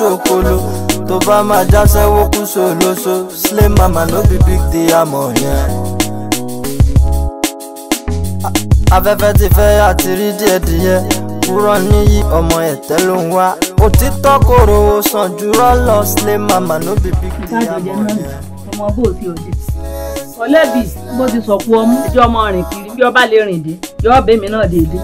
ṣokolo tó bá máa já sẹ́wó kú ṣòlóṣo slay mama no be big diamond yẹn. afẹ́fẹ́ ti fẹ́ àti rí díẹ̀díẹ̀ kúrọ̀ níyì ọmọ ẹ̀tẹ́ ló ń wá òtítọ́ kòrò sàn jùlọ lọ slay mama no be big diamond yẹn. ọlẹ́bí bó ti sọ̀kú ọmú ẹjọ́ ọmọ rìn kiri bí ọba lè rìn dé yọ ọ́ bẹ́mi náà déédéé.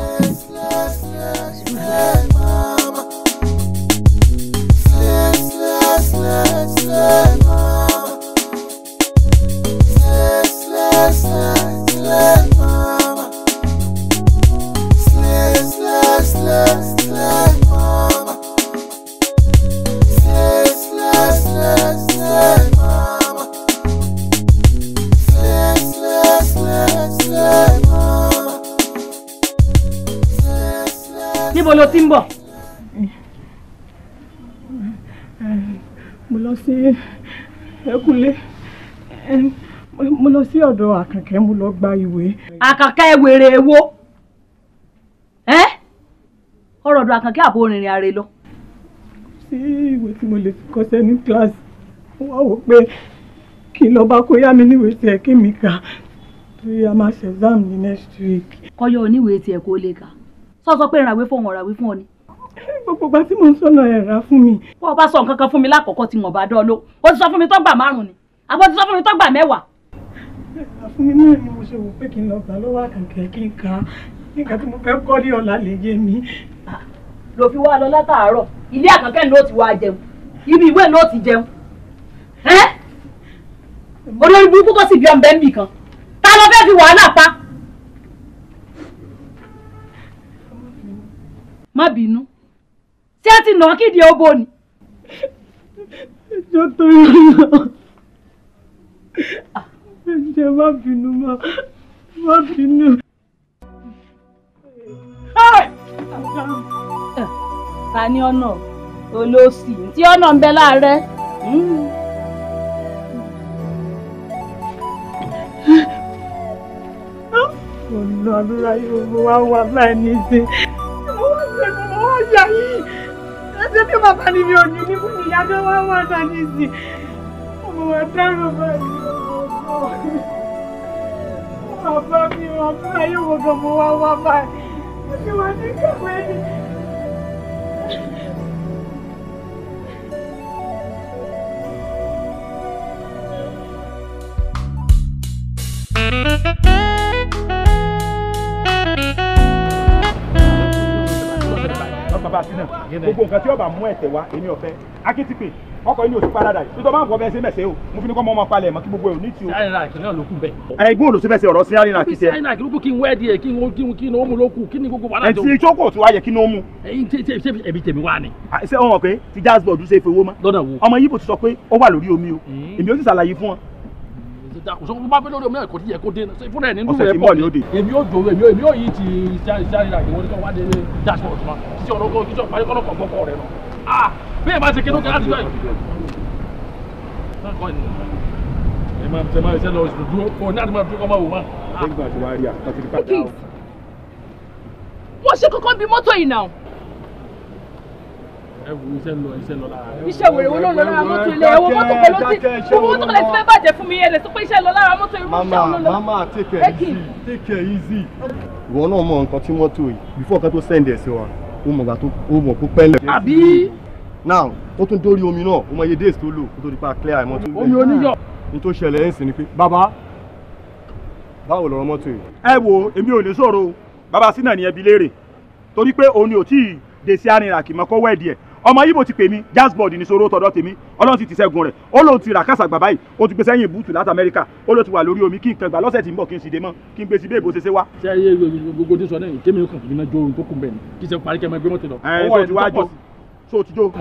Ni bolo timbo. lọ sí ẹkùnlé mo lọ sí ọ̀dọ̀ àkànkẹ́ mo lọ gba ìwé. àkànkẹ́ ewèrè ewo ọ̀rọ̀ ọ̀dọ̀ àkànkẹ́ àbò rìnrìn àrè lọ. sí ìwé tí mo lè fi kọsẹ̀ ní kíláàsì wọ́n wò pé kí n lọ bá kó yá mi níwèé tiẹ̀ kí mi kà torí a máa ṣe exam ní next week. kọ́yọ̀ oníwèé tiẹ̀ kó lè kà sọ́sọ́ pé ìràwé fún ọ̀hún ọ̀ràwé fún ọ ni gbogbo tí mò ń sọ̀nà ẹ̀ rà fún mi. bó o bá sọ nǹkan kan fún mi lákòókò tí mo bá dán ló o ti sọ fún mi tó gbà márùn ni àbọ̀ ti sọ fún mi tó gbà mẹ́wàá. ẹ̀rà fún mi náà ni mo ṣe wò pé kí n lọ gbà lọ́wọ́ àkànkẹ́ kí n ka nǹkan tí mo fẹ́ kọ́ ní ọ̀la lè yé mi. lò fi wá lọ látàárọ̀ ilé àkànkẹ́ ló ti wá jẹun ibi ìwé ló ti jẹun. olórí burúkú tó sì bí ọmọ bẹ́ẹ̀ nìkan ta ló fẹ́ fi wàhálà pa. má bínú ṣé ẹ ti nà án kídìí obo ni. ẹjọ́ torí ọ̀nà ẹjẹ́ má bínú má bínú. ta ni ọ̀nà olóòsì tí ọ̀nà ń bẹ láàárẹ̀. ọ̀nà àdúrà yóò wá wà láì ní í sí. mo wá ṣe wá yà yìí ṣé bí bàbá ni mi ò ní níbo ni ìyájọ́ wá wà náà nísìn ọmọ wa dárò báyìí bàbá mi ò fún ayé wo gan mo wá wá báyìí ẹbí wa ní kàwé ni. Thank you. bá sí náà gbogbo nǹkan tí ọba mú ẹ̀tẹ̀ wá èmi ọ̀fẹ́ akitipe ọkọ̀ yìí ni òsì paradise nítorí máa bẹ́ẹ̀ ṣe mẹ̀sẹ̀ o mo fi ní kọ́ mọ́ ọmọ palẹ̀ mọ́ kí gbogbo ẹ̀ ní ti o. sáyẹn náà kì í náà ló kún bẹ́ẹ̀. olùsí fẹsẹ̀ ọ̀rọ̀ sí arìnrìn àkìtì ẹ. sáyẹn náà kí n wẹ́ díẹ̀ kí n ó kí n ó mú kí ni gbogbo wàhálà tó. ẹtí ìjókòó tí wàá yẹ kí n ó mú. ẹbí tèmi wá ni. ṣé ọmọ pé ti jazz board ṣe fowó mọ́. lọ́nà wo. ọmọ yìí bò ti sọ pé ó wà lórí omi o hmm. èmi ó sì ṣàlàyé fún ọ da kò sóko bá fẹ́ lórí omi náà kò tí yẹ kó dé fúnra ẹ̀ nínú rẹ̀ pọ̀ ni èmi ò jòwó èmi ò èmi ò yí ti ìsárira ìwọ ní kí wọ́n wá dé dashboard wa kí ọ̀rọ̀ kọ́ kí sọ parí kọ́nà kọ̀ọ̀kan kọ́ rẹ̀ lọ. Ah! bẹ́ẹ̀ bá ti kí ló kẹ́ láti bẹ́ẹ̀. ẹ máa tẹ máa ṣe lọ dúró kó ní àdúrà dúró kọ́ máa wò má. Ah! wọ́n ṣe kọ́kọ́ bí mọ́tò yìí náà ẹ wo lọ iṣẹ́ lọ lára. iṣẹ́ wèrè wo ló lọ lára mọ́tò ilé ẹ̀wọ̀n mọ́tò kan ti gbogbo mọ́tò kan ti fẹ́ bàjẹ́ fún mi ẹ̀ lè pé iṣẹ́ lọ lára mọ́tò irú iṣẹ́ lọ lọ. mama take care. easy take it easy. ìwọ náà mọ nǹkan tí mọ́tò yìí before kan tó send ẹ̀ sí wa ó mọ̀ gbà tó ó mọ̀ kó pẹ́lẹ̀. àbí. now ó tún dórí omi náà ó mọ iye days tó lò kó tó di pa clear ẹ̀ mọ́tò. omi oníyọ̀. ní tó ṣẹlẹ̀ ẹ̀ ń sìn ni pé bàbá báwo lọ̀rọ̀ mọ́tò yìí. ẹ wo èmi ò lè sọ̀rọ̀ o bàbá sínà ẹbí léèrè torí pé òun ni ò tí ì dèsí arìnrìn àkìmọ́kọ́wẹ́ẹ̀dì ẹ̀ ọmọ yìí mo ti pè mí jazzboard ní sọ̀rọ̀ tọ̀dọ̀ tèmi ọlọ́run ti ti sẹ́gun rẹ̀ ó lóun ti rà kásà gbà báyìí ó ti gbé sẹ́yìn búùtù láti amẹ́ríkà ó ló ti wà lórí omi kí nǹkan gbà lọ́sẹ̀ tí ń bọ̀ kí n sì dé mọ́ kí n gbé sí béèbó ṣeṣe wá. ṣé ayé gbogbo tí sọ náà kémi kàn gbìnà jo ohun tó kún bẹ́ẹ̀ ni kí ṣe parí kẹ́mọ ẹgbẹ́ mọ́tò lọ. ẹ sọ ti wá jó sọ ti jó.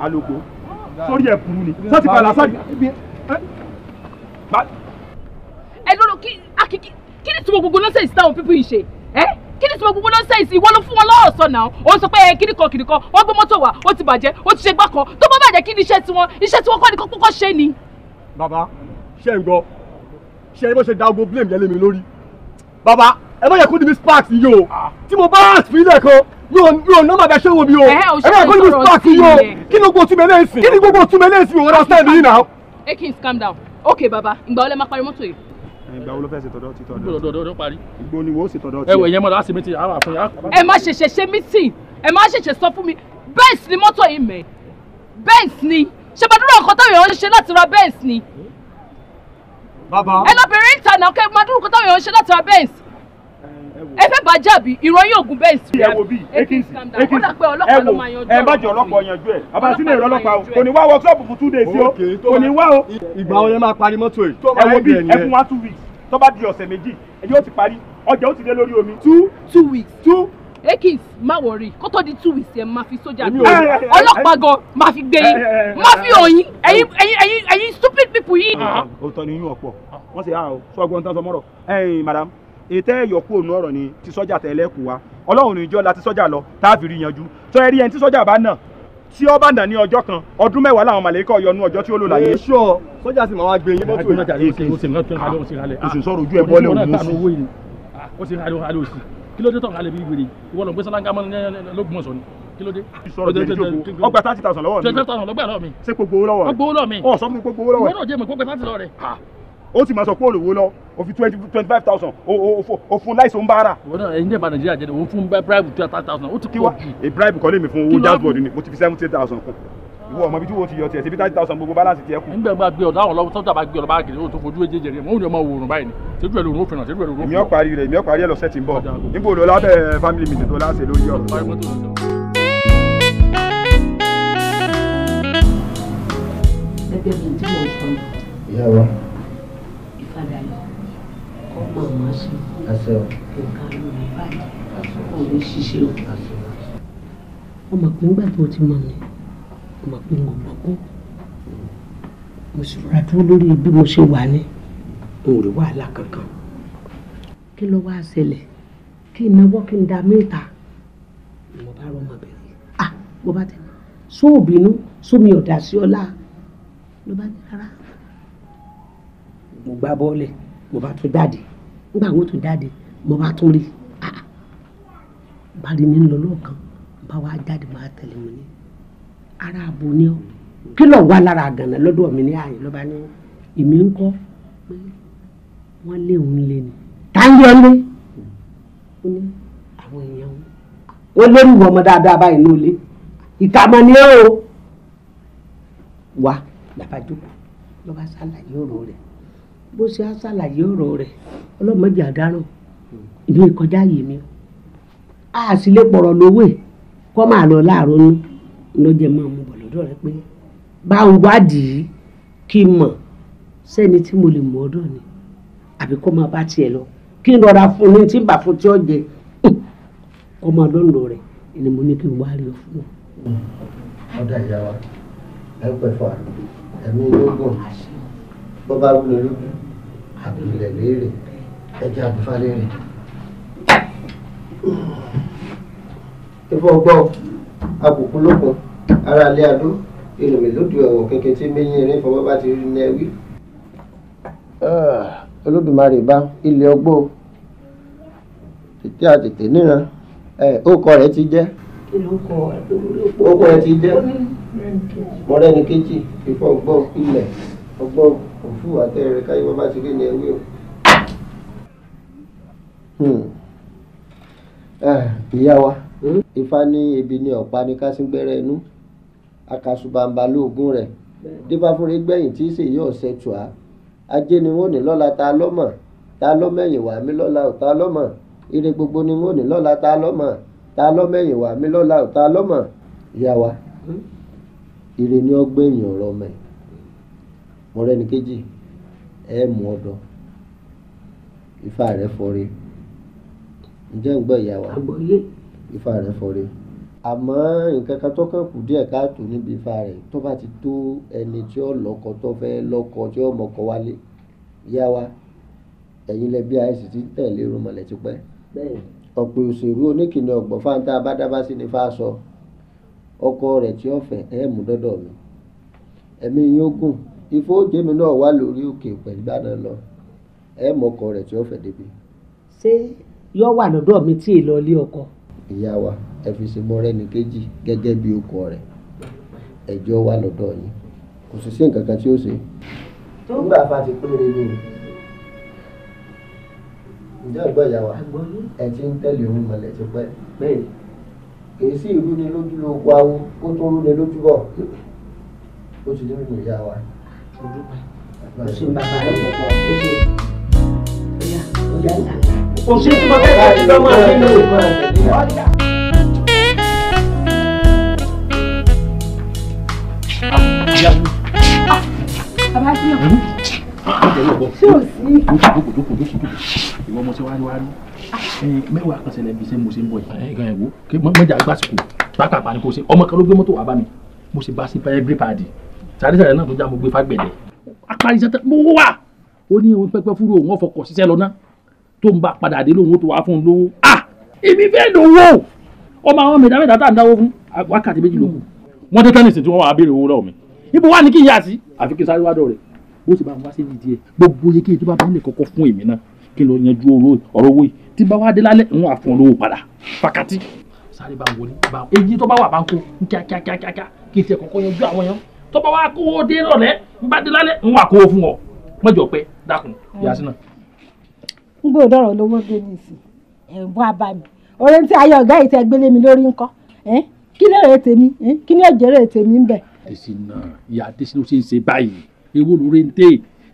aloko sórí ẹ kúrú ni sọ ti bàlá sọ ẹ lọ́dọ̀ kí ni tí mo gbogbo lọ́sẹ̀ ìsìtáwọn pípín ṣe ẹ́ kí ni sọ gbogbo ló ń sẹ́yìn sí ìwọ ló fún wọn lọ́ọ̀sọ̀ náà ó sọ pé eh, kíní kan kìnìkan wọ́n gbé mọ́tò wá ó ti bàjẹ́ ó ti ṣe gbá tó bá bàjẹ́ kí ni iṣẹ́ tiwọn iṣẹ́ tiwọn kọ́ ni kọ́kọ́ ṣe ni. bàbá ṣe ń gbọ́ ṣe é bó ṣe da ogun blame yẹn lé mi lórí bàbá ẹ má yẹ kó di mi sparks yìí o ah. tí mo bá àsìlẹ̀ kan mi ò mi ò nọ́mbà bẹ ṣé wo mi o eh, eh, ẹ má yẹ kó di mi sparks yìí o kí ni gbogbo túnbẹ̀ lẹ́sìn kí ni gbogbo túnbẹ̀ lẹ́sìn òun ra stand yìí náà. akins calm down okay baba ìgbà wo lẹ máa parí mọ́tò yìí ìgbà wo ló fẹ́ ṣe tọ̀dọ̀ ti tọ̀dọ̀. ìgbò lọ́dọ̀ parí. ìgbò ni wo ṣe tọ̀dọ̀ tiẹ̀. ẹwẹ yẹn mọ láti mítìn àwọn àfọyín. ẹ má ṣẹ̀ṣẹ̀ ṣe mítìn ẹ má ṣẹ̀ṣẹ̀ sọ fún mi Benz ni mọ́tò yìí mẹ́ Benz ni ṣèbàdúrà ọkọ táwọn èèyàn ń ṣe láti ra Benz ni. bàbá ẹ lọ bèrè ìtànà kẹ́ ẹ máa dúró ọkọ táwọn èèyàn ń ṣe láti ra Benz ẹ fẹ́ bá jàbí ìròyìn ògùn bẹ́ẹ̀ sí rẹ. ẹ wo bí ekisi ekisi ẹ wo ẹ bá jẹ ọlọ́pàá yanjú ẹ bàbá sílẹ̀ ìrọ̀ ọlọ́pàá o kò ní wá workshop fún two days o kò ní wá o. ìgbà wo yẹn máa parí mọ́tò yìí. ẹ wo bí ẹ fún wa two weeks tó bá di ọ̀sẹ̀ méjì ẹ yóò ti parí ọjà ó ti dé lórí omi. two two weeks. two ekins má wọrí kó tó di two weeks yẹn máa fi sójà gbé ọlọ́pàá gan máa fi gbé yín eh, eh, eh, máa fi òyìn ẹ̀yin ẹ̀yin ẹ̀yin stupid people yìí. Ah, ah. òótọ́ ni yín ọ̀pọ̀ wọ́n sì yára ah, o sọ́gbọ́n tán sọmọ́rọ̀ madam ètè ẹ̀yọ̀kú òun ọ̀rọ̀ ni ti sọ́jà tẹ̀lé kù wa ọlọ́run ní ìjọ la ti sọ́jà lọ tá a fi rí yanjú tó ẹ rí ẹni tí sọ́jà bá nà tí ó bá nà ní ọjọ́ kan ọdún mẹ́wàá làwọn màlẹ́kọ̀ yọnu ọjọ́ tí ó lò láyé. ṣọ sọ́jà sì máa wá gbé yín mọ́tò yìí. oṣù sọ̀rọ̀ ojú ẹ̀ bọ́lẹ̀ òun ó sì kí ló dé tọ̀ka lè bí wèrè ọgbà thirty thousand lọ́wọ́ mi. twenty mi. ṣé gbogbo owó lọ́wọ́ rẹ̀. gbogbo owó lọ́wọ́ mi. ọ̀ sọ fún mi gbogbo owó lọ́wọ́ rẹ̀. wọ́n náà jẹ́ mi gbogbo thirty lọ́wọ́ rẹ̀ ó sì máa sọ pé olùwó lọ o fi twenty twenty five thousand o fún láìsọ ń bára. wọ́n náà ẹ̀yin dẹ̀ bá nàìjíríà jẹ́ o fún bribe two thousand ó ti pọ̀ jù. a bribe kọ́ lè mi fún owó jazz board ni mo ti fi seventy eight thousand kù ìwọ ọmọ ibi tí wo ti yọ tiẹ̀ síbi thirty thousand gbogbo balance tiẹ̀ kù. nígbà máa gbé àwọn ọlọ́wọ́ sọ́jà bá gbé ọ̀dà bá kiri o tó fojú ẹ̀jẹ̀ jẹ̀rẹ̀ mọ́ òun yóò máa wòrùn báyìí ni tẹ́jú ẹ̀ lòrùn ó fìràn tẹ́jú ẹ̀ lòrùn ó fìràn. ìmí ọ̀parí rẹ̀ ìmí ọ̀parí ẹ̀ lọ́sẹ̀ tí ń bọ̀ níbo lọ lábẹ́ family meeting tó láṣẹ lórí ọ̀rọ̀. gẹ́gẹ́ bíi tí mo sọ pọ̀ mọ́ sí i kò ká ló ń bàjẹ́ kò ní ṣiṣẹ́ o. ọmọ pé ńgbà tó ti mọ mi ọmọ pé ń gbọ́ kó mo sì rà dúró lórí bí mo ṣe wà ní n wàhálà kankan kí ló wá ṣẹlẹ̀ kí n kí n da mẹ́ta mo bá rọmọ bẹ̀rẹ̀ ah mo bá tẹ̀ sóòbínú sómi ọ̀dà sí ọlá ló bá ní rárá mo gbá bọ́ọ̀lẹ̀ mo bá tún jáde nígbà wo tó jáde mo bá tún rí ah, bari mi ń lọ lọ́ọ̀kan bá wa jáde máa tẹ̀lé mi ní ara àbò ni ọ kí lọ wá lára àgànà lọ́dọ̀ mi ní àyè lọ́ba ní èmi ń kọ́ pé wọ́n lé òun lé ni táyọ̀ lé ní àwọn èèyàn wọn ó lérú ọmọ dáadáa báyìí ní olè ìkàmọ́ ni ó wà làbájókòó lọ́ba ṣàlàyé ọ̀rọ̀ rẹ̀ bó ṣe á ṣàlàyé ọ̀rọ̀ rẹ̀ ọlọ́mọdé àdáràn ìlú ìkọjá yìí mi a sì lè pọ̀rọ̀ lówè kọ́ máa lọ láàárọ̀ ní lọ́jọ́ máa mú bọ̀ lọ́dọ̀ pé bá ń wádìí kí n mọ̀ sẹ́ni tí mo lè mọ̀ ọ́dọ̀ àbí kọ́ máa bá tiẹ̀ lọ kí n rọra fún ní tí bá fún tí ó jẹ kọ́ máa lọ́nà rẹ̀ ni mo ní àbílẹ̀ léèrè ẹja àbúfá léèrè. ìfọ̀ gbọ́ àbùkù lókun ara ilé adó ìrìnmi lódò ẹ̀wọ̀n kékeré tí méjì erin fọwọ́ bá ti rí ní ẹwí. Ah, olódùmarè bá ilé ọgbó tètè àtètè níran ókọ rẹ ti o ókọ rẹ ti jẹ́ mọ̀rẹ́ni kejì ìfọ̀ gbọ́ ilẹ̀ ọgbọ́n fúfú àtẹ̀rẹ̀ káyé bá bá ti rí ni ẹ o. Hmm. Eh, ìyá wa hmm? ifá ní ebi ní ọ̀pá ní kásíngbẹ́rẹ́ inú akasubamba lóògùn rẹ̀ dífáfúnre gbẹ̀yìn tí ṣèyí ọ̀sẹ̀ tù á ajé ni wọ́n ní lọ́la ta lọ́mọ̀ ta lọ́mẹ̀yìn wà mí lọ́la ò ta lọ́mọ̀ ire gbogbo ni wọ́n ní lọ́la ta lọ́mọ̀ ta lọ́mẹ̀yìn wà mí lọ́la ò ta lọ́mọ̀ ìyá wa hmm? ire ni ọgbẹ́ èèyàn ọ̀rọ̀ mẹ́ mọ̀rẹ́ni kejì ẹ mú ọdọ ifá rẹ fọre ǹjẹ́ ń gbọ́ ìyá wa ifá rẹ fọre àmọ́ nǹkan kan tó kàn kù káàtó níbi ifá rẹ̀ tó bá ti tó ẹni tí ó lọkọ tó fẹ́ tí ó mọkọ wálé ìyá wa ẹ̀yin lẹ bí àìsí ti tẹ̀lé òṣèlú oníkìní fáńtà abádábá sí ọkọ tí ó mú mi ifo jẹ́mi náà wà lórí òkè pẹ̀lú gbàdán lọ ẹ mọ̀kọ rẹ̀ tí ó fẹ́ débi. ṣé yọ wà lọ́dọ̀ mi tí lọ ilé ọkọ. ìyá wa ẹ fi ṣe mọ́rẹ́ ní kejì gẹ́gẹ́ bí ọkọ rẹ̀ ẹjọ́ wà lọ́dọ̀ yìí. kò sì sí nǹkan kan tí ó ṣe. tó ń gbà fa ti péré ni ǹjẹ́ àgbọ̀ ìyá wa ẹ ti ń tẹ̀lé ohun mọ̀lẹ́ ti pẹ́ bẹ́ẹ̀ kìí sí ìrúni lójú ló wáwó ó tó rúni bọ̀ ó ti dé nínú ìyá wa. mo dúpẹ́ o ṣe ń bàbá rẹ pọ̀pọ̀ o ṣe ọ̀yà ọ̀yà ìyá o ṣe tí mo fẹ́ bá ti lọ́mọ àti ìlú ọ̀yà. Bàbá sí ọ̀. Ṣé o sí? Dókò dókò dókò dókò. Ìwọ ọmọ ṣe wá rí wá rí. Mẹ́wàá kan ṣẹlẹ̀ bí ṣe mo ṣe ń bọ̀ yìí. Ẹ̀gbọ́n ẹ̀wò mọ́jà gbàsìkò pàápàá ni kò ṣe ọmọ kan ló gbé mọ́tò wá bá mi. Mo ṣe bá sí báyẹ̀ gírípàdì sàrísàrí náà tó já mo gbé fàgbẹ̀dẹ̀ apárisẹ́ tẹ mo wà ó ní ohun pẹ́pẹ́ fúru òun ọ̀fọ̀kọ̀ ṣiṣẹ́ lọ náà tó ń bá padà dé lóhun tó wàá fún un lówó ah èmi fẹ́ lówó ọmọ àwọn mẹ́ta mẹ́ta tá à ń dáwó fún wákàtí méjì lókù wọ́n tẹ́tẹ́ nìsín tí wọ́n wàá béèrè owó lọ́wọ́ mi ibo wà ní kí n yà sí àfi kí n sáré wádọ̀ rẹ̀ bó ṣe bá wọn wá sí ìdí ẹ gbogbo iye kí n tó bá bẹ́ẹ̀ lè kọ́kọ́ fún èmi náà kí n lọ yanjú ọ̀rọ̀ owó yìí tí bá wá dé lálẹ́ ń wà fún olówó padà fàkàtì sáré bá wọlé bá èyí tó bá wà bá ń kó kíákíákíá kí n tiẹ̀ kọ́kọ́ yanjú àwọn yẹn tó bá wá kówó dé rọ̀lẹ́ ń bá dé lálẹ́ ń wà kówó fún ọ mọ́jọ pé dákun Yasina. n gbọ́dọ̀ dọ̀rọ̀ lówó dé nìsín ẹ̀bùn abami orin tí ayé ọ̀gá yìí tẹ́ gbélé mi lórí ńkọ́ kí ni èrè tèmi kí ni ọ̀jẹ̀rẹ̀ tèmi ń bẹ̀. tèsí náà ìyá tèsí ló ṣe ń ṣe báyìí ewu lóore ń tè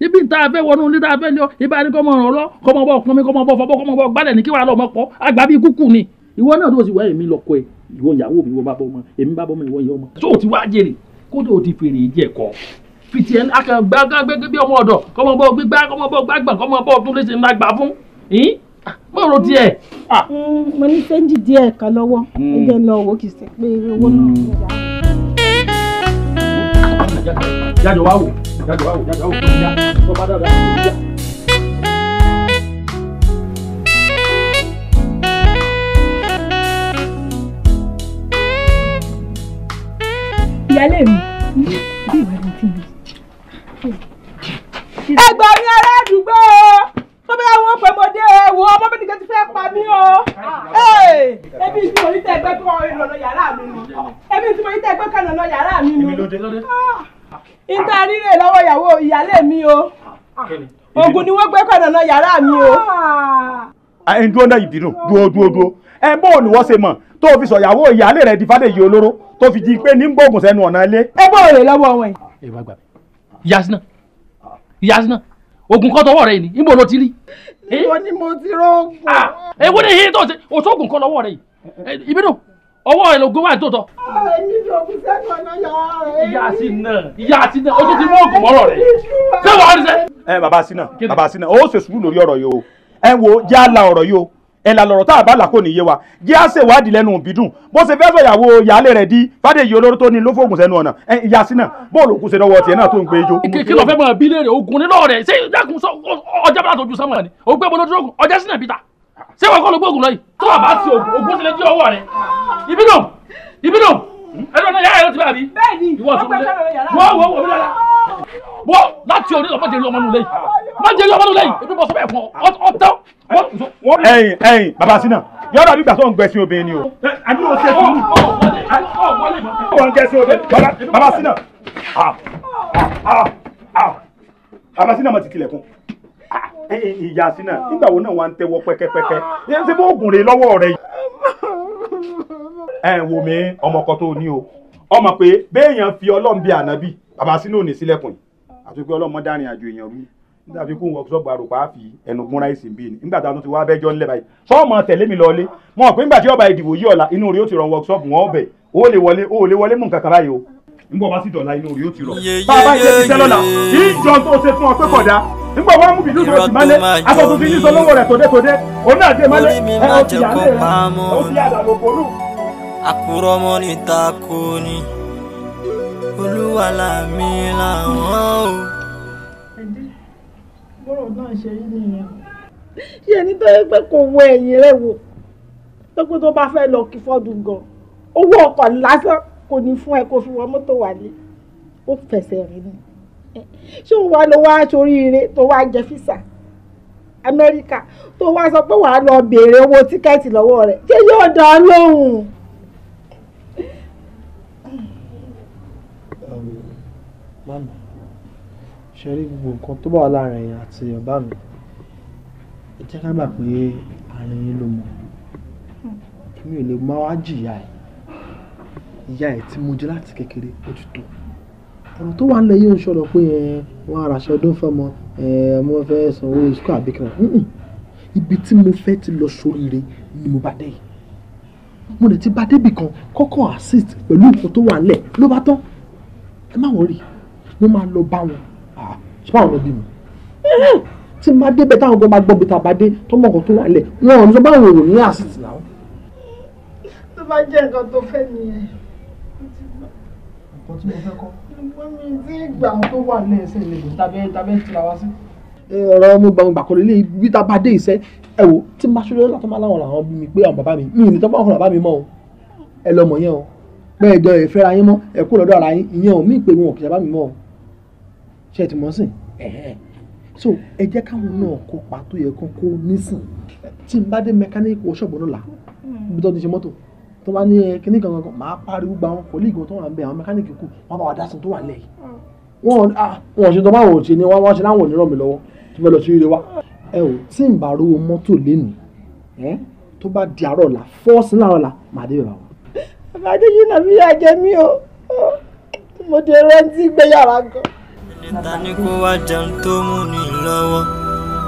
ibi tá a wọnú ilé tá a fẹ́ ibà ni kò mọ ọ̀rọ̀ lọ kò bọ ọkùnrin kò bọ fọbọ kò bọ gbálẹ̀ ní kí wàá lọ ọmọ pọ̀ àgbà bíi kúkú ni ìwọ náà ló sì wá èmi lọ kọ ẹ ìwọ ìyàwó mi ìwọ bá bọ ọmọ èmi bá bọ ọmọ ìwọ ìyá ọmọ. tó o ti wá jèrè kódà ó ti fèrè jẹ kọ fìtì ẹni akàngbá gbẹgbẹ bí ọmọ ọ̀dọ̀ kọmọ bọ gbígbá kọmọ bọ gbàgbà kọmọ bọ tún léṣe ńlá gbà fún yín mo rò tiẹ̀. mo ní sẹ́ńjì díẹ̀ kan lọ́wọ́ hmm. ẹgbẹ́ lọ wò kì í ṣe pé owó náà ń yà. jáde wá wò jáde wá wò jáde wá wò kò ní yá tó bá dára kò ní yá. ẹ̀ ń dúró náà ìbínú dúró dúró dúró ẹ̀ bó ni wọ́n ṣe mọ̀ tó fi sọ̀yàwó ìyáálé rẹ̀ di fàdéyí olóró tó fi di pé ní gbóògùn sẹ́nu ọ̀nà ilé. ẹ bó rè lọ́wọ́ wọn. ẹ wá gbà mí yasina yasina oògùn kọ́ tọwọ́ rẹ ni níbo ló ti rí. ìwọ ni mo ti rọ́ọ̀gùn. ewu ni yìí tó ṣe òṣù oògùn kọ́ lọ́wọ́ rẹ yìí ìbínú ọwọ́ rẹ ló gbé wá tó tọ. èmi ló kú o tún ti mú oògùn mọ́rọ̀ rẹ. ṣé wàá sinna bàbá sinna o ṣèṣùrù lórí ọ̀rọ̀ yìí ẹ wo jẹ́ àlà ọ̀rọ̀ yìí o ẹ là lọ̀rọ̀ tá a bá là kò níye wa jẹ́ à ṣèwádìí lẹ́nu òbídùn bó ṣe fẹ́ sọ̀yàwó ìyáálé rẹ̀ di fàdéyí olóró tó ní ló fògùn sẹ́nu ọ̀nà ìyá sí náà bóòlù kù sí lọ́wọ́ tiẹ̀ náà tó ń gbé ijó. kí ló fẹ́ mọ abílẹ̀ rẹ̀ ogun nínú rẹ̀ ṣé dákun sọ ọjà bá tọ́jú sọ́mọ̀ ni ó gbé bọ́lọ́dún ogun ọjà sí náà bíta ṣé wọ́n kọ́ ló gbóògùn lọ yìí tó àbá sí ogun ogun sílẹ̀ jẹ́ ọwọ́ rẹ̀ ibidùn ibidùn ẹnu ọ̀nà yàrá yóò ti bá mi. bẹ́ẹ̀ni ìwọ sọ fún mi wọ́n wọ́n wọ́n mi lọ́la oh! wọ́n láti òní lọ mọ̀jẹ̀ ọmọ nù lẹ́yìn mọ̀jẹ̀ lé ọmọ nù lẹ́yìn baba sinna ma ti tilẹ̀kùn ah! eh, eh, ìyá sinna nígbà wo náà wà ń tẹ́wọ́ pẹ́kẹ́pẹ́kẹ́ ah! ṣé bó oògùn rè lọ́wọ́ rẹ yìí. Oh! ẹ wo ọmọkọ tó ní o ọmọ pé béèyàn fi ọlọ́run bí ànábì bàbá sínú òní sílẹ̀kùn àti pé ọlọ́run àjò èèyàn rú fi ẹnu gún ráìsì bíi ni tó ti wá abẹ́jọ́ ńlẹ̀ báyìí fọ́ọ̀mù mọ̀ pé ọba ìdìbò yí ọ̀la inú rí ó ti rọ wọn o nígbà wá sí dọ̀la inú rí ó ti rọ. bàbá ìṣe ti sẹ́ lọ́la tó ṣe fún ọ pé kọ̀dá nígbà wọn mú ti àkùrọ̀ mọ́ ní tako ni olúwa làmì làwọn o. ẹdí bọ́rọ̀ náà ṣe yí nìyẹn ṣé ẹni tó yẹ pé kò wọ ẹ̀yìn rẹ̀ wò pé tó bá fẹ́ lọ kí fọ́dún gan owó ọkọ̀ lásán kò ní fún ẹ kó fi wọ mọ́tò wálé ó fẹsẹ̀ rìn ni ṣé òun wá lọ wá aṣoríire tó wá jẹ físà amẹ́ríkà tó wá sọ pé wàá lọ béèrè owó tíkẹ́ẹ̀tì lọ́wọ́ rẹ̀ ṣé yóò dá lóhùn. lánàá ṣe rí gbogbo nǹkan tó bá wà láàrin yín àti ọba mi ẹ jẹ́ ká gbà pé àárín yín ló mọ̀ mi ò lè máa wá jìyà ẹ̀ ìyá ẹ̀ tí mo jẹ láti kékeré ó ti tó ọ̀rọ̀ tó wà nílẹ̀ yìí ń sọ̀rọ̀ pé wọ́n ara aṣọ ọdún fẹ́ mọ ọmọ fẹ́ sanwó ìṣúkọ̀ àbí kan ibi tí mo fẹ́ ti lọ sóríire ni mo bá dé mo lè ti bá débì kan kọ́kọ́ assist pẹ̀lú nǹkan tó wà nílẹ̀ ló bá tán ẹ má wọrí mo máa lọ bá wọn ṣé báwọn lọ bí mi tí n bá débẹ̀ táwọn gan máa gbọ́ bí tàbá dé tọmọ kan tó wà lẹ̀ wọn ò ní sọ báwọn ò ní àsìtì náà. tó bá jẹ́ nǹkan tó fẹ́ nìyẹn. nǹkan tí mo fẹ́ kọ́. mi ti gbà wọn tó wà ní ẹsẹ̀ ìlẹ̀kùn tàbí tàbí tìra wá sí. ọ̀rọ̀ ọmọ gbàngbà kọ́ lélẹ́yìí bí tàbá dé ìṣẹ́ ẹ wo tí n bá ṣojú látọ́ máa láwọn làwọn bí mi pé àwọn bàbá mi mi ì ní tọ́pọ̀ àwọn bàbá mi mọ́ o ẹ lọ́mọ yẹn o pé ẹ̀dọ̀ ẹ̀fẹ́ra yín mọ́ ẹ̀kú lọ́dọ̀ ara yín ìyẹn o mí ì pé wọn ò kì í sábà mi mọ́ o ṣe ti mọ̀ sìn so ẹ jẹ́ káwọn náà kópa tó yẹ kán kó nísìn tí n bá dé mẹkáníìkì ọ̀ṣọ́gbọ̀n lọ́la ibi tó ti ṣe mọ́tò tó bá ní kíní kan kan máa pariwo gba àwọn kòlíìgì tó wà ń bẹ àwọn mẹkáníìkì kù wọn bá wà dásin tó wà lẹ́yìn hmm. wọn ah, wọn ṣe tó bá wọn ṣe ni wọn ṣe láwọn ò ní ràn tó fẹ́ lọ sí ilé wa ẹ o tí n bá rówó mọ́tò lénìí ẹ tó bá di àárọ̀ la fọ́ọ̀sì láàárọ̀ la màá dé bẹ̀ bá wọn. àbájáde yìí nàbí yà ta ni kó wá jẹun tó mú ni lọ́wọ́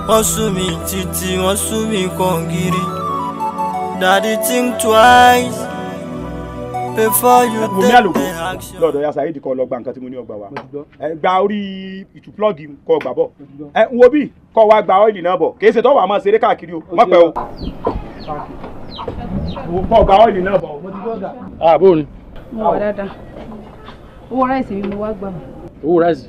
wọ́n sún mi títí wọ́n sún mi kọ̀ǹgìrì. Daddy think twice before you take the action. lọ́dọ̀ yasa ayé dìkọ́ lọ gba nǹkan tí mo ní ọgbà wa gba orí ìtú plọ́ọ̀gì kọ́ ọgbà bọ̀ ẹ n wo bí kọ́ wa gba ọ́ìlì náà bọ̀ kìí ṣe tó wà máa ṣeré káàkiri o mọ̀ pẹ́ o kọ́ gba ọ́ìlì náà bọ̀. àbúrò ah, ni. mo wà dáadáa owó ráìsì mi mo wá gbà. owó ráìsì.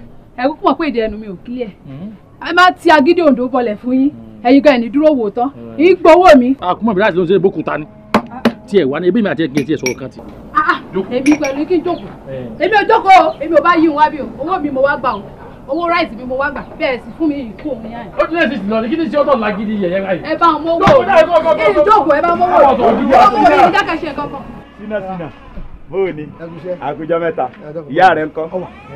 ẹ kúkú mọ̀ pé èdè ẹnu mi ò kílẹ̀ ẹ má ti agídí òǹdó bọlẹ̀ fún yín hmm. ẹ̀yin gan ẹ̀ ní dúró wò tán hmm. yín gbowó mi. àkùmọ̀ mi láti lóun ṣe é bókun ta ni ah. tí ẹ wá ní ebi mi àti ẹgbẹ́ tí ẹ sọ̀rọ̀ kan ti. Ah, ah. èmi pẹ̀lú kí n jókòó eh. èmi ò jókòó èmi ò bá yí wá bí o owó mi mo wá gbà o owó ráìsì mi mo wá gbà bẹ́ẹ̀ sì fún mi ìkó mi yàn. ó ti lè ti lọ ní kí ni ṣé ó tọ̀ lágídí yẹ̀yẹ́ báyìí. ẹ bá wọn mọ owó o èmi jókòó ẹ bá wọn mọ owó o owó mi ò dákẹ́ ṣe kankan bóò ni àkójọ mẹ́ta ìyá rẹ ńkọ́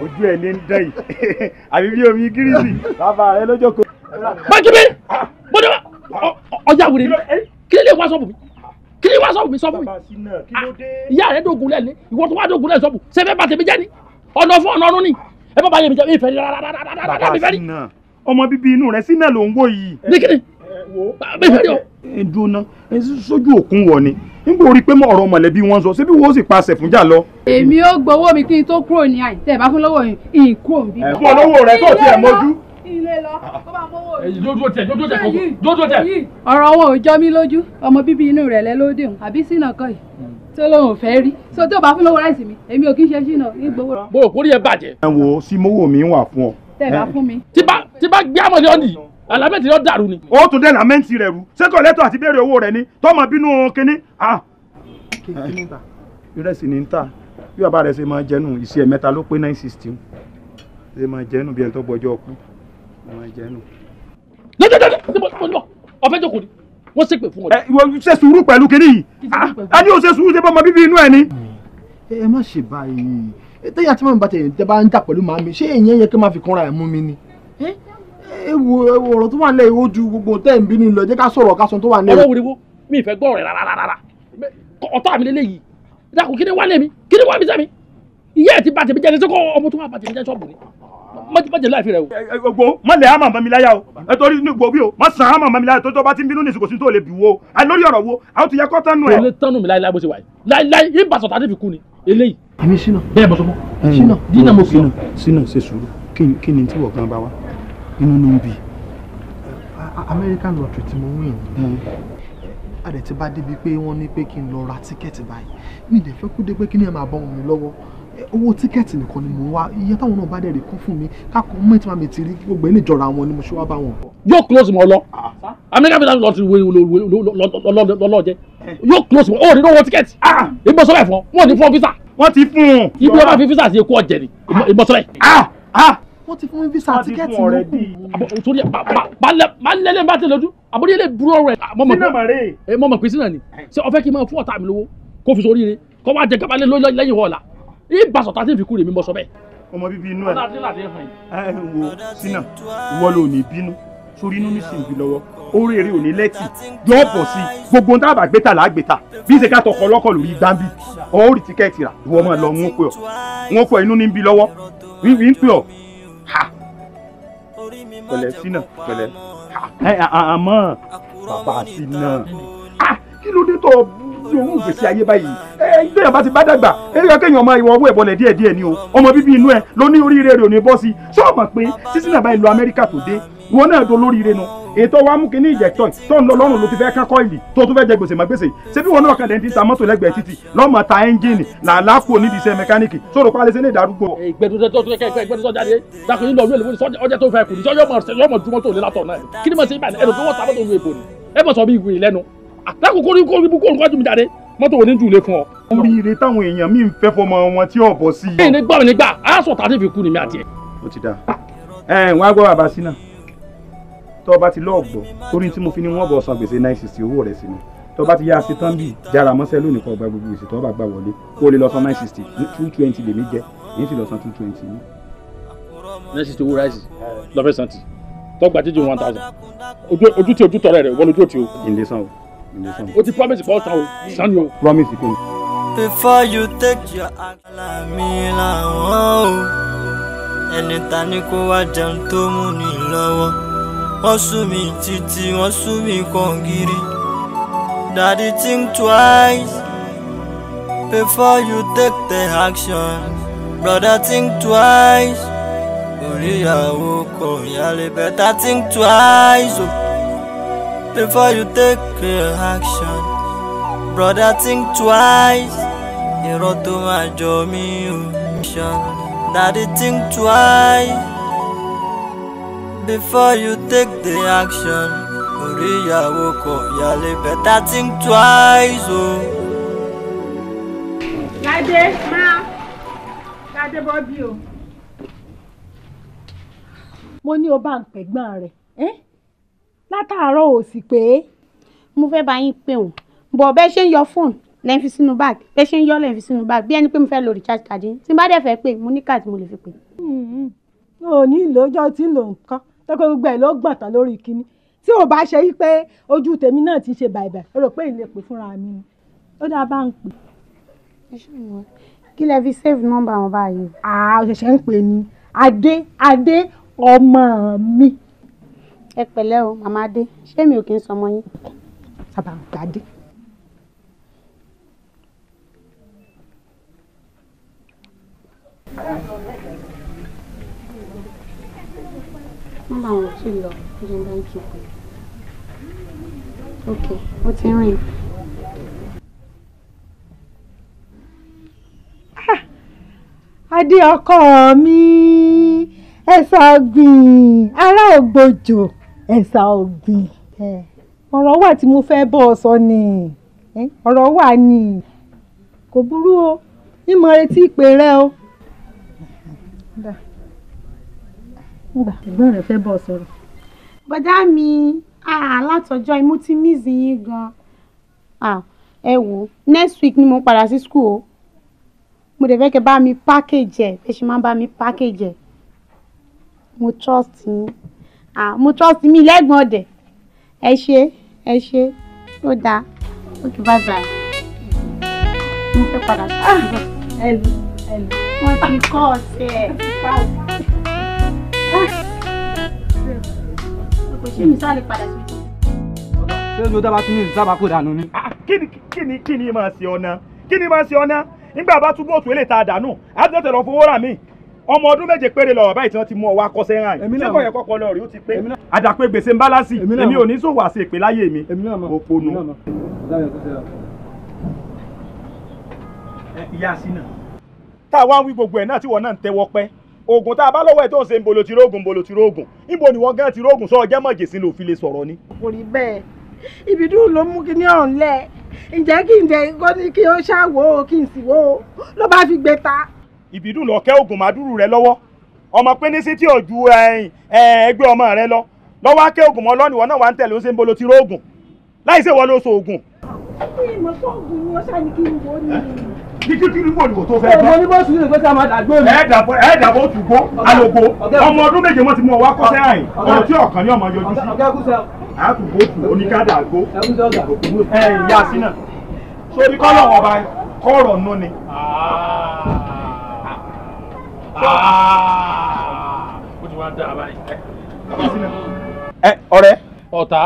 ojú ẹ ní ń dán yìí àbí bí omi gírísì bàbá rẹ lójókòó. mákindé bọ́dọ̀ ọjà wèrè kí lè wá sọ́ọ̀bù mi kí lè wá sọ́ọ̀bù mi sọ́ọ̀bù mi ìyá rẹ dògùn lẹ́ni ìwọ tó wá dògùn lẹ́ni sọ́ọ̀bù sẹ́fẹ́ bá tèmi jẹ́ ni ọ̀nà fún ọ̀nà ọ̀run ni ẹ bá bá mi jẹ́ mi fẹ́ rárá mi nígbà orí pé ọ̀rọ̀ mọ̀lẹ́bí wọn sọ síbí wo sì paṣẹ fún jà lọ. èmi ò gbowó mi kí n tó kúrò ní àyè tẹ́ ẹ bá fún lọ́wọ́ yìí kúrò níbí. ẹ fún olówó rẹ tó tiẹ̀ mójú. ilé lọ tó bá mówó rẹ. jójó tẹ jójó tẹ jójó tẹ. ọ̀rọ̀ wọn ò jọ mí lójú ọmọ bíbí inú rẹ̀ lẹ lóde òun àbí sínà kọ́ yìí tó lóun ò fẹ́ rí so tó bá fún lọ́wọ́ ráìsì mi èmi ò kí ṣe sínà ní bó o kórìí ẹ bàjẹ́. ẹ wo sí mówó mi wà fún ọ. tẹ bá fún mi. tí bá gbé àmọ́ ní ọ́ nìyí alamẹ́ntì yóò dàrú ni. ó tún dé lamẹ́ntì rẹ̀ rú sẹ́kọ̀ lẹ́tọ̀ àti béèrè owó rẹ̀ ni tọ́mọ bínú kínní. Ah. ìrẹsì ni ń ta bí bàbá rẹ̀ ṣe máa jẹ́nu ìṣe ẹ̀mẹ́ta ló pé nine sixty ṣe máa jẹ́nu bí ẹni tó bọjọ́ ọkú máa jẹ́nu. ọ̀fẹ́ jókòó ni wọ́n ṣépè fún ọ. ẹ ìwọ ṣe sùúrù pẹ̀lú kínní yìí a ní o ṣe sùúrù ṣe bọ́ ọmọ bíbí inú ẹ ni. ẹ má ṣe báyìí tẹ́yà tí màmú bá tẹ̀yìn tẹ́ bá ń jà pẹ̀lú màmí ṣé èèyàn yẹ kí n máa fi kúnra ẹ̀ mú mi ni ewu ọ̀rọ̀ tó wà nílẹ̀ ìwọ ju gbogbo tẹ́ ń bínú lọ jẹ́ ká sọ̀rọ̀ ká sọ tó wà nílẹ̀. ọlọ́wọ́ rẹwọ́ mi ìfẹ́ gbọ́ ọ̀rẹ́ rárá ọ̀tá mi lélẹ́yìí dákun kí ni wà lẹ́mi kí ni wà mí sẹ́mi ìyá ẹ̀ ti bá tèmi jẹ́ ní sọ́kọ́ ọmọ tó wà bá tèmi jẹ́ ṣọ́ọ̀bù ni mọ̀jẹ̀ láì fi rẹ̀ o. gbogbo mọ̀lẹ́ àmọ̀ mọ̀mi láyà o nítorí ní gbòbí o mọ̀ sàn àmọ̀ mọ̀mi láyà tó tó bá ti ń bínú ní ìsìnkú sí tó lè bì wo a lórí ọ̀rọ̀ wo a ó ti yẹ kó tánu ẹ̀. olè tánu mi láyìláyì bó ṣe wà yìí láyìláyì ìbàṣọ tàdé fi kú ni eléyìí. èmi sínà bẹ́ẹ̀ bọ́ sọmọ sínà dínà mo fi hàn. sínà ṣe sùúrù kí ni tí wọ́n gan bá wa inú ló ń bí. American lottery tí mo win àdẹ̀ ti bá débi pé wọ́n ní pé kí n lọ ra tíkẹ́ẹ̀tì báyìí mi dẹ̀ fẹ́ kú dé pé kí ni ẹ máa bọ́ wọn mi lọ́wọ́ owó tíkẹ́ẹ̀tì nìkan ni mò ń wá iye táwọn náà bá dẹ̀ rí kún fún mi káko mọ́ tí màá mi ti rí gbogbo ilé ìjọra wọn ni mo ṣe wá bá wọn. yóò close mọ lọ Amẹ́ríkà bí lọ ti lọlọjẹ eh. yóò close mọ ó rí owó tíkẹ́ẹ̀tì ah. ìgbọ́sọ̀rọ̀ ẹ̀fọ́ wọn ò ní fún ọ físà. wọ́n ti fún un. ibi ọba fi físà sí ikú ọ̀jẹ̀ ni ìgbọ́sọ̀rọ̀ ẹ̀. Ah. Ah wọ́n ti fún mi visa tíkẹ́ẹ̀tì mi. torí balẹ̀lẹ̀ bá tẹ̀lé ojú àbúrò yẹn lè burú ọ̀rọ̀ ẹ̀. sinama re. ẹ mọ̀ mọ̀ pé sinna ni ṣé o fẹ́ kí n máa fún ọ̀tá mi lówó kó fi sórí ni kó wá jẹ gàba lẹ́yìn ọ̀la ìbásọ̀ tá a ti fi kú rèmi mọ̀ sọ bẹ́ẹ̀. ọmọ bíbí inú ẹ ẹ wo sinna ìwọ ló ní bínú sórí inú nísìnyí lọ́wọ́ orí èrè òní lẹ́tì yóò pọ̀ sí i gbogbo ohun tábà gbé ta là á gbé ta bí ṣe ká tọkọ ọlọ́kọ̀ lórí gbáǹbì ọ̀hún rí tíkẹ́ẹ̀tì rà ìwọ máa lọ wọn pè ọ́ wọn pè ọ́ inú ní bí lọ́wọ́ wíwí ń pè ọ́ pẹ̀lẹ́ sínà pẹ̀lẹ́ àmọ́ bàbá sínà ah, kí ló dé tó bú lóhùn gbèsè ayé báyìí ẹ téèyàn bá ti bá dàgbà eré kéèyàn máa ìwọ owó ẹ̀bọlẹ̀ díẹ̀ díẹ̀ ni o ọmọ bíbí inú ẹ ló ní oríire rẹ̀ ò ní bọ́ sí ṣé o mọ̀ pé sísìn náà báyìí lọ Amẹ́ríkà tó dé wọn náà do lóríire nu ètò wa mú kínní ìjẹ̀tọ̀ tó ń lọ lọ́rùn ló ti fẹ́ ká kọ́ìlì tó tún fẹ́ jẹ gbèsè mọ́ gbèsè ṣé bí wọn náà kàn lẹ́ni ta mọ́tò lẹ́gbẹ̀ẹ́ títì lọ́mọ ta ẹ́ńjìnì làálàá kúrò nídìí iṣẹ́ mẹkáníìkì sọ̀rọ̀ pa alẹ́sẹ̀ ní ìdádúgbò. ìgbẹ́dúdẹ tó tún kẹ́kẹ́ ìgbẹ́dúdẹ jáde dákun yín lọ lóye lóye ọjà tó fẹ́ kù ní sọ yọmọ dúmọ́tò lé látọ̀ náà kí ni mo ṣe ibà ẹ̀rọ tó wọ́n ta mọ́tò lóye bò ní lákòókò orí kò ríbu kò rí wájú mi jáde mọ́tò wo ni jù lé fún ọ. oríire táwọn èèyàn mi ń fẹ́ fọmọ wọn tí ò bọ́ sí. ẹyin ní gbà mí ní gbà á sọ tàdé fi kú ni mi àti ẹ. ó ti dáa ẹ wọn á gbọ́ bàbá sí náà tó o bá ti lọ́ọ̀gbọ́ torí tí mo fi ní wọ́n bọ̀ san gbèsè nine sixty owó rẹ̀ sí ni tó o bá ti yá sí tán bíi jára mọ́sẹ́ lónìí kan ọba gbogbo ìṣètò ọba gbà wọlé kó o lè lọ san nine sixty two twenty lèmi jẹ èyí sì lọ san two twenty yìí. nine sixty owó ráìsì lọ́fẹ̀ẹ́ santi tọ́gbà jíjìn one thousand ojú tí ojú tọrẹ rẹ wọ́n lójú òtí o. ìlẹ̀sán o o ti promise pọ̀ san o promise kò before you take your àgbàlá mi làwọn o ẹni ta ni kó wá jẹun tó mú ni lọ́wọ́ wọ́n sún mi títí wọ́n sún mi kọ̀ǹgìrì daddy think twice before you take the action brother think twice oríyàwó kò yálé better think twice Oh before you take your action. Brother, think twice. Irọ́ to my jọ mí o. Daddy, think twice. Before you take the action. Orí ìyàwó up, yálé better think twice oh. Ládé ma, Ládé bọ́ bí o. Mo ní o bá ń pẹ̀gbọ́n rẹ̀. Eh? látàárọ̀ ò sì pé mo fẹ́ bá yín pè wọ́n bọ̀ bẹ́ẹ̀ ṣe ń yọ fóònù lẹ́yìn fi sínú báàgì bẹ́ẹ̀ ṣe ń yọ lẹ́yìn fi sínú báàgì bí ẹni pé mo fẹ́ lo recharge card yín tí n bá dẹ̀ fẹ́ pè mo ní káàdì mo lè fi pè. Hmm, hmm. o ní ìlójọ́ tí ń lò nǹkan tọ́kọ gbogbo ẹ̀ ló gbọ̀n tán lórí kínní tí ò bá ṣe pé ojú tèmi náà ti ṣe bàìbà ó rò pé ìlè pè fúnra mi ni ó dáa bá ń pè. kí lẹ fi save number wọn báyìí. àà ṣẹ̀ṣẹ̀ ń pè ní adé adé ọmọ mi ẹ pẹ̀lẹ́ o màmá adé ṣé mi ò kí ń sọmọ yín àbàgbàdé. mama ò tí lọ ní bá ń tukù ok ó ti rìn. adé ọkọ mi ẹ sọ gbìn ará ògbójò. ẹ̀sà òbí ọ̀rọ̀ wà tí mo fẹ́ bọ́ ọ sọ ni ọ̀rọ̀ wà ni kò burú o ìmọ̀ etí ìpè rẹ o. ẹ̀gbọ́n rẹ̀ fẹ́ bọ́ ọ sọ̀rọ̀. bọ́dá mi látọjọ́ imú ti mí ziyín gan-an ẹ wò next week ni mo padà sí school o mo dẹ̀ fẹ́ kẹ́ bá mi package ẹ̀ bẹ́ẹ̀ ṣe máa ń bá mi package ẹ̀ mo trust yín. mo trust mi lẹ́gbọ̀n ọ̀dẹ̀ ẹ ṣe ẹ ṣe ó dáa okay bye bye mo fẹ́ padà sí ẹlú ah! ẹlú wọ́n ti kọ́ ọ̀sẹ̀ ẹ̀ ah! ṣé mi sáré padà sí ṣé ojú ọjọ́ tún ní ìsábà kò dànù ah, ni. kí ni kí máa ṣe ọ̀nà kí máa ṣe ọ̀nà nígbà bá túbọ̀ tún eléta dànù á tẹ̀sẹ̀ lọ fowó rà mí. ọmọ ọdún méje péré lọ báyìí ìtàn ti mú ọwọ́ akọ́ṣẹ́ ràn yìí ṣé kò yẹ lọ rí ó ti pé àdàpé gbèsè ń bálásì èmi ò ní sòwò mi òpònú. ponu. tá a wá ń wí gbogbo a bá lọ́wọ́ ẹ̀ tó ń ṣe ń bolo ti rógùn bolo ti rógùn níbo ni wọ́n gán ti rógùn sọ ọjẹ́ ni. kò rí bẹ́ẹ̀ ló mú ọ̀hún lẹ̀ n kí ó ìbídùn lọ́kẹ́ oògùn màdúrù rẹ lọ́wọ́ ọmọ pínísí tí ò ju ẹgbẹ́ ọmọ rẹ lọ lọ́wọ́ akẹ́ oògùn mọ́ lọ́nìwọ́ náà wà ń tẹ̀lé ó ṣe ń bolo ti róògùn láì ṣe wọ́n ló so oògùn. kíkí kí ni wọ́n lò tó fẹ́ gbọ́. mo ní bó sùn ní ìgbésẹ̀ máa dàgbé mi. ẹ dàbọ̀ tù gbó alògbó ọmọ ọdún méje mo ti mú ọ wá kọ́sẹ́ àyìn ọ̀rọ̀ tí ọ̀kan ní ọmọ yọjú sí. àtùgbò tù oníkádà gbó ẹ̀yìn yá sínà. sórí kọ́lọ̀ wọn bá kọ́rọ̀ nú ni. Ah ó ti wá dá a báyìí. ẹ ọ̀rẹ́. ọ̀tá.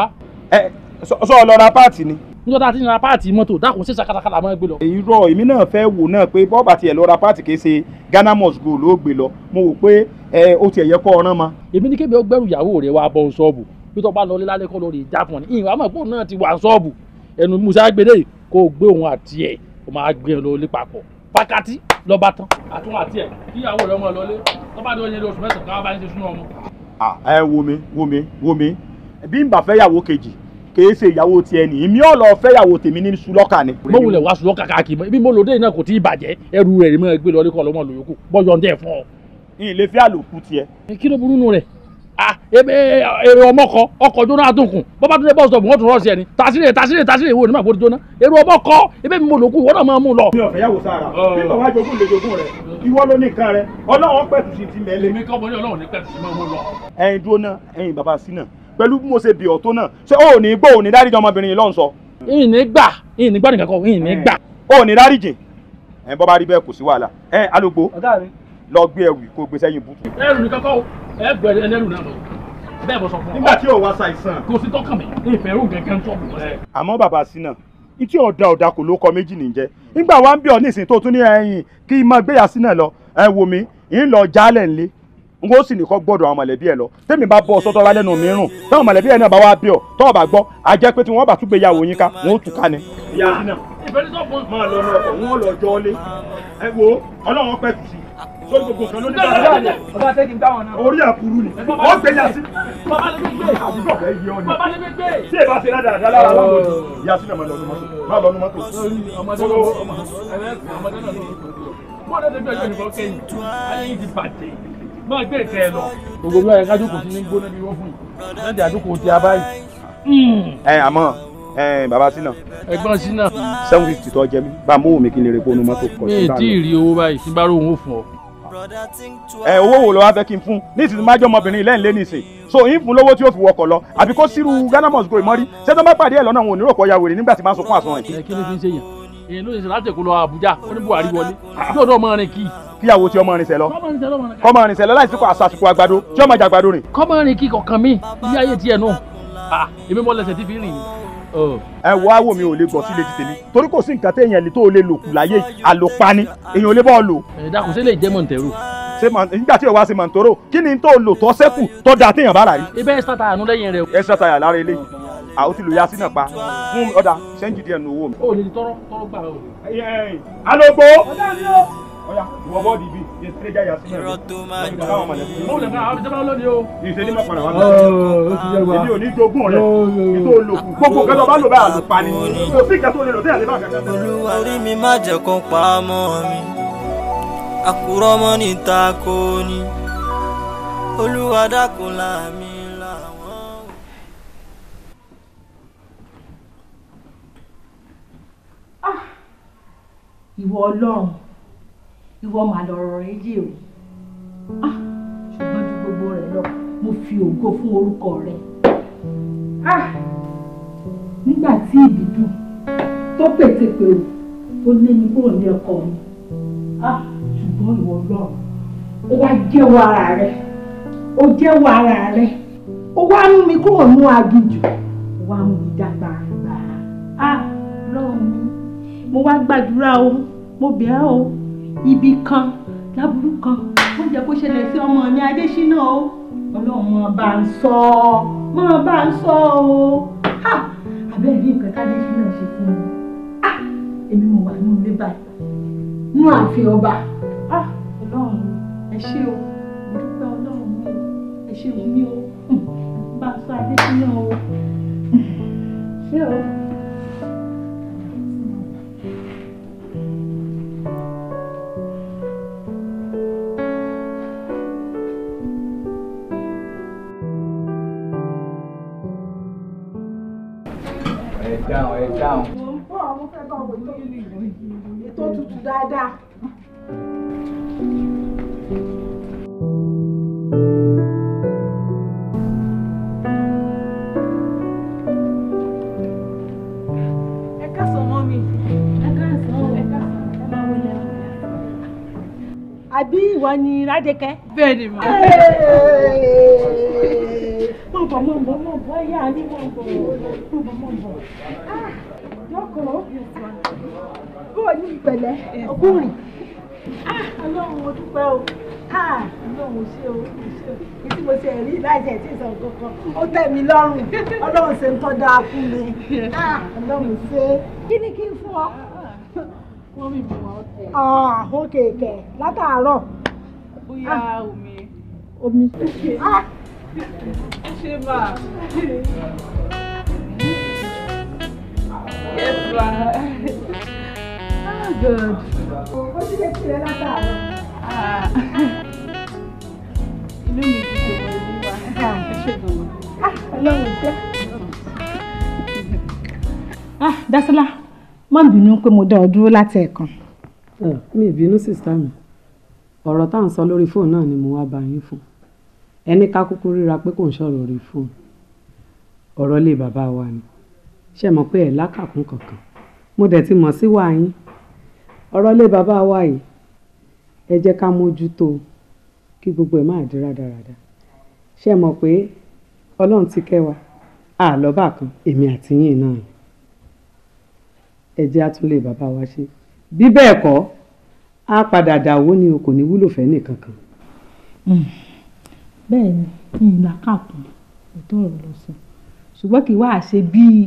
ẹ sọ ọ lọ ra páàtì ni. níjọ́ tá a ti ń ra páàtì mọ́tò dákun ṣe ṣàkàtàkàtà máa gbé lọ. èyí rọ èmi náà fẹ́ wò náà pé bọ́ọ̀bà tiẹ̀ lọ ra páàtì kì í ṣe Ghana must go ló gbé lọ mo wò pé ẹ o tiẹ̀ yẹ kọ́ ọ̀ràn ma. èmi ní kébì ó gbẹ́rù ìyàwó rẹ̀ wá bọ́ ṣọ́ọ̀bù bí tó bá lọ lálẹ́ kọ́ lórí ìjà fún ọ ní ìwà mọ̀ pé òun náà ti wà ṣọ́ọ̀bù ẹnu musa gbélé kó gbé òun àti ẹ̀ kó máa gbé òun lọ lé papọ̀ pákátí lọ́ba tán. àtún àti ẹ kíyàwó rẹ ọmọ lọlé lọba tó yẹ lóṣù mẹ́sàn-án káwá bá ń ṣe súnú ọmọ. ẹ wo mi wo mi wo mi bí n bá fẹ́ yàwó kejì kìí ṣe ìyàwó tiẹ̀ ní mi ò lọ fẹ́ yàwó tèmi ní sulọ́kà ni. mo wulẹ̀ wá sulọ́kà káàkiri mọ́ ibi mo lòdì náà kò tí ì bàjẹ́ ẹrù rẹ̀ rí mọ́ ẹgbẹ́ lọ́lẹ́kọ̀ọ́ lọ́mọ lòyókù bọ́ yọ̀ǹdẹ̀ fún ọ. ìlẹ́fẹ́ àlòkù tiẹ̀. kí ló burú nù rẹ̀ Ah, èrò ọmọ kọ ọkọ̀ jóná àtúnkùn bọ́bá tún lé bọ́ọ̀sì ọ̀bùn wọ́n tún rọ́ọ̀sì ẹni tàṣírí tàṣírí tàṣírí ìwò onímọ̀ àbójútó náà èrò ọmọ kọ ebí mi mo lò kú ìwọ náà máa mú lọ. mi ò fẹ́ yàwó sára oh. bí bàbá jogún lè jogún rẹ ìwọ ló ní nǹkan rẹ ọlọ́run pẹ̀tù sí ti mẹ́lẹ̀. èmi kọ́ mo ní ọlọ́run ní pẹ̀tù sí mọ́ mo lọ. ẹ̀yin dúró náà ẹ̀yin bàbá sí náà pẹ̀lú bí mo ṣe bì ọ́ tó náà ṣé o ní gbọ́ òní dáríjì ọmọbìnrin yìí lọ́n sọ. ìní gbà ìní gbọ́ nìkan kọ́ ìní gbà. o ní dáríjì ẹ̀ bọ́ bá rí bẹ́ẹ̀ kò sí wàhálà lọ gbé ẹrù kó gbé sẹ́yìn bùtù. ẹrù ní kọ́kọ́ ẹ gbẹ̀rẹ̀ ẹlẹ́rù náà lọ bẹ́ẹ̀ bọ́ sọ fún ọ. nígbà tí ò wá ṣàìsàn. kò sí tọ́kàn mi ìfẹ́ rò gẹ́gẹ́ ń tọ́kù lọ́sẹ̀. àmọ́ bàbá sínà ìtí ọ̀dà ọ̀dà kò ló kọ méjì nìjẹ́ nígbà wa ń bí ọ ní ìsìn tó tún ní ẹyin kí n máa gbéyà sínà lọ ẹ wò mí ń lọ jálẹ̀ ńlé n kò sì ní kọ́ gbọ́dọ̀ àwọn mọ̀lẹ́bí ẹ lọ tẹ́mi bá bọ́ sọ́tọ́ wa lẹ́nu mìíràn táwọn mọ̀lẹ́bí ẹ náà bá wá bí ọ tọ́wọ́ bá gbọ́ a jẹ́ pé tí wọ́n bá tún gbéyàwó yín ká wọ́n ó tún ká ni. ìyá ìfẹ́ ní sọ́kùn máa lọ náà wọ́n lọ jọ́ lé ẹ wo ọlọ́run pẹ̀tù sí i sórí gbogbo kan ló ní bàbá rẹ bàbá tẹ́kí ń dáwọn náà orí àkúrú ni wọ́n gbé yasi bàbá lè gbé àbúrò bẹ́ẹ̀ yé ọ ni bàbá lè gbé tí èèbá ṣe ládàá dáa lára oh. lọ́wọ́ yasi náà máa lọ ọdún mọ́tò máa lọ ọdún mọ́tò. ọmọdé náà ọmọdé náà ló ń bọ̀ ọmọdé náà ló ń bọ̀ ọmọdé náà ló ń bọ̀ ọmọdé náà ló ń bọ̀ ọmọdé náà ló ń bọ̀ ọmọdé náà ló ń bọ̀ ọmọdé náà ló ń bọ̀ ọmọdé náà ló ń bọ̀ ọmọdé náà ló ń bọ̀ ọmọdé náà ló ń bọ̀ ọmọdé náà ló ń bọ̀ ọmọdé náà ló Eh, bàbá sínà. ẹ̀gbọ́n sínà. seven fifty tó jẹ mí bá a mú òun mi kí n lè rè pọnú mọ́tò. mi ì tí ì rí owó báyìí tí n bá rí òun ò fún ọ. ẹ eh, owó wo ló wá fẹ́ kí n fún ní ìsìn májọ́ ọmọbìnrin lẹ́yìn lé nìsín so yín fún lówó tí ó fi wọkọ̀ lọ àbí kó sírú Ghana must grow mọ́rí ṣé tó bá pàdé ẹ̀ lọ́nà òun ò ní rò pọ̀ ya wèrè nígbà tí máa sọ fún àsun rẹ̀. kí ló fi ń ṣe yàn èyí ló ń ṣe láti Èkó lọ Àbújá ó ní Buhari wọlé yóò dọ̀ mọ́ rìn kì í kíyàwó tí ọmọ rìn sẹ lọ kọmọ rìn sẹ lọ láìsí kó àsàsìkò àgbàdo tí ọmọ jàgbàdo rìn. kọmọ rìn kí kọkàn mi ní ayé tiẹ̀ nù ah, èmi mọ lẹsẹ̀ tí fi rìn ni ẹ wọ àwọ̀ mi ò lè gbọ́ sílé ti tèmi torí kò sí nǹkan téèyàn lè tó o lè lò kù láyé àlòpani èèyàn ò lè bọ́ọ̀ lò. ẹ dákun ṣe lè jẹ́ mọ̀ntẹ́rù. nígbà tí o wá ṣe mọ̀ntẹ́rù kí ni tó o lò tó sẹ́kù tó da téèyàn bá rà rí. ibẹ̀ ẹ̀ sátà àánú lẹ́yìn rẹ̀. ẹ sátà yà lára eléyìí àwọn ti lò yá sínú pa fún ọ̀dà ṣẹ́ńjì díẹ̀ nù owó mi. o lè tọrọ tọrọ gbà wọ bọ́ọ̀dì bíi yẹn ti kéjà yàtí náà tó máa jọ mí. mo lè ka àwọn ìjọba lónìí o. ìṣèlú máa padà wá lọ. èmi ò ní jogún rẹ ètò olókùn gbogbo kẹtọ bá lò bá àlùpà ni kò sí ìkẹtọ olè lọ sí àlébà kẹtọ. olúwa orí mi má jẹ́ kó pa á mọ́ mi àkùrọ̀ mọ́ ní ta kò ní olúwa dákun láàmì làwọn. Ah, ìwọ ọlọ́run ìwọ mà lọ̀rọ̀ rẹ yé o ah, ṣùgbọ́n ju gbogbo rẹ lọ mo fi ògo fún orúkọ rẹ ah, nígbà tí ìbídùn tó pètèpè o tó lé mi kúrò ní ọkọ mi ah, ṣùgbọ́n ìwọ Ọlọ́run ó wá jẹ́wọ́ ara rẹ ó jẹ́wọ́ ara rẹ ó wá mú mi kúrò ní aginjù ó wá mú mi dàgbà àgbà lọ́wọ́ mi mo wá gbàdúrà o mo bẹ̀ o ibi kan láburú kan ó jẹ́ kó ṣẹlẹ̀ sí ọmọ mi adésínà o ọlọ́run mọ bá ń sọ ọ mọ bá ń sọ ọ ha abẹ́rẹ́ rí nǹkan kádésínà ṣe fún mi ha èmi mo wà nínú ilé báyìí nú ààfin ọba ha ọlọ́run ẹ ṣé o mo dúpẹ́ ọlọ́run mi ẹ ṣé mi o bá ń sọ adésínà o ṣé o. dáhùn ẹ dáhùn. mo ń bọ̀ mo fẹ́ bá wo ètò tútù dáadáa. ẹ káàsán mọ́ mi. ẹ káàsán ẹ káàsán ẹ máa wọlé. àbí ìwọ ni Rádékẹ́. bẹ́ẹ̀ ni mà. Mọ̀ bọ̀ mọ̀ bọ̀ mọ̀ bọ̀ ẹ̀yà ni mọ̀ bọ̀ mọ̀ bọ̀ mọ̀ bọ̀. Lọ́kọ̀ bóò ní ìpẹ̀lẹ́ ọkùnrin. Ọlọ́run mo dúpẹ́ o. Ọlọ́run ò ṣe o. Ìdí mo ṣe rí láìsẹ̀ tí ìsọ̀ kankan. Ó tẹ́ mi lọ́rùn. Ọlọ́run ṣe ń tọ́ dáa fún mi. Ọlọ́run ṣe. Kí ni kí n fún ọ? Wọ́n mi mú wa ọ̀tẹ̀. Ó kèké látàárọ̀. Bóyá omi. Omi. Ah! ṣé yes ma. ah good. ó ti you tirẹ̀ látàárọ̀. inú mi ti ṣe wọlé wa. ẹ ṣe gbọ̀ngàn. ọlọ́run jẹ́. ah Dásọ́lá má bínú pé mo dá ọ dúró láti ẹ̀kan. mi ì bínú mi ọ̀rọ̀ tá à ń sọ lórí fóònù ni mo wá bá yín fún ẹni ká kúkú ríra pé kò ń sọ̀rọ̀ rí fóònù ọ̀rọ̀ lé bàbá wa ni ṣe mọ̀ pé ẹ̀ lákàkún kankan mo dẹ̀ ti mọ̀ sí wa yín ọ̀rọ̀ lé bàbá wa yìí ẹ jẹ́ ká mójútó kí gbogbo ẹ̀ máa di rádaràda ṣe mọ̀ pé ọlọ́run ti kẹ́ wa àlọ́bà kan èmi àti yín náà ni ẹ jẹ́ àtúnlé bàbá wa ṣe bí bẹ́ẹ̀ kọ́ á padà dàwó ni o kò ní wúlò fẹ́ nìkankan. Mm bẹ́ẹ̀ ni kí n là kàkún ètò ọ̀rọ̀ lọ sọ ṣùgbọ́n kì í wá ṣe bíi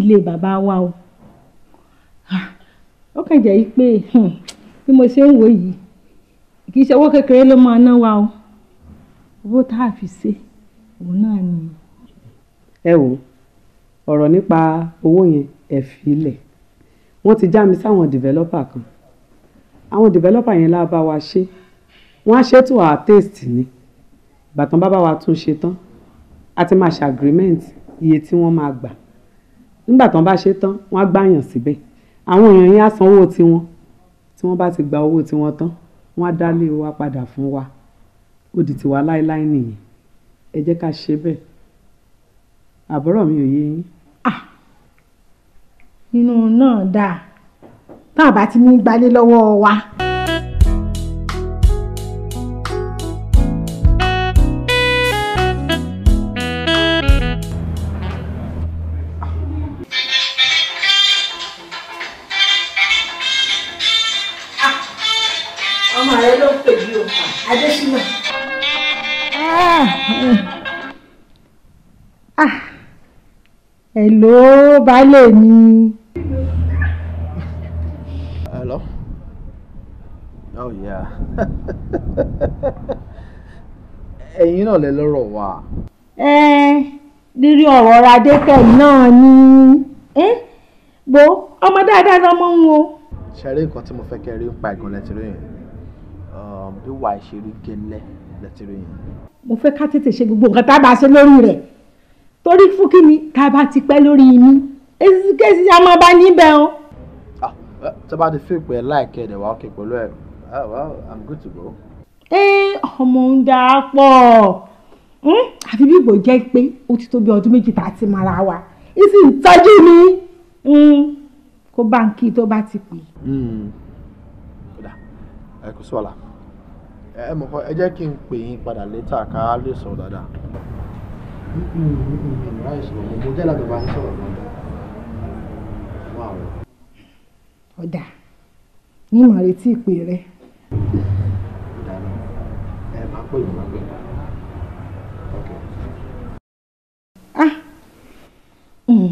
ilé bàbá wa o ó kàn jẹ́ pé hmm, bí mo ṣe ń wò yìí kì í ṣe owó kékeré ló máa ná wa o owó tá a fi ṣe òun náà ni. ẹ wo ọ̀rọ̀ nípa owó yẹn ẹ fi ilẹ̀ wọ́n ti já mi sáwọn developer kan àwọn developer yẹn lá bá wa ṣe wọ́n á ṣètò our taste ni gbàtàn bàbá wa tún ṣe tán a ti máa ṣe agreement iye tí wọ́n máa gbà nígbà tán bá ṣe tán wọ́n á gbàyàn síbẹ̀ àwọn èèyàn yín á san owó tiwọn tí wọ́n bá ti gba owó tiwọn tán wọ́n á dálé wa padà fún wa ó di tiwa láéláé nìyẹn ẹ jẹ́ ká ṣe bẹ́ẹ̀ àbúrò mi ò yé yín. inú náà dáa tá a bá ti ní gbalé lọ́wọ́ wa. Hello, baálé mi. Hello? Oh yeah. Ẹ̀yin náà lẹ lọ́rọ̀ wá. Ẹ rírí ọ̀rọ̀ Adékẹ́ náà ni. Bo ọmọ dáadáa náà mọ̀ ń wo. Ṣẹ̀rí nǹkan tí mo fẹ́ kẹ́ rí ń pa ìgànlẹ̀ tí lóyún. Um, bí wàá ṣe rí gẹ́lẹ́ lẹ́tí lóyún. Mo fẹ́ ká tètè ṣe gbogbo nǹkan tá a bá ṣe lórí torí fún kí ni tá bá ti pẹ́ lórí mi èsì a máa bá níbẹ̀ o. Ah, eh, tó bá ti fíìpù ẹ láìkẹ́ ẹ̀dẹ̀ wá òkè pẹ̀lú ẹ̀ ah, i'm good to go. ẹ ọmọ ń dà á pọ̀ hmm? àfi bí ìbò jẹ́ pé ó ti tó bí ọdún méjì tá a ti mara wa ìsì ń tọ́jú mi hmm, kó báńkì tó bá ti pè. Hmm. ẹ kò sí ẹ jẹ́ kí n pè yín padà létà ká lè sọ dáadáa. Mm-hmm. ọ̀dà ní màá retí ìpè rẹ. ah mm.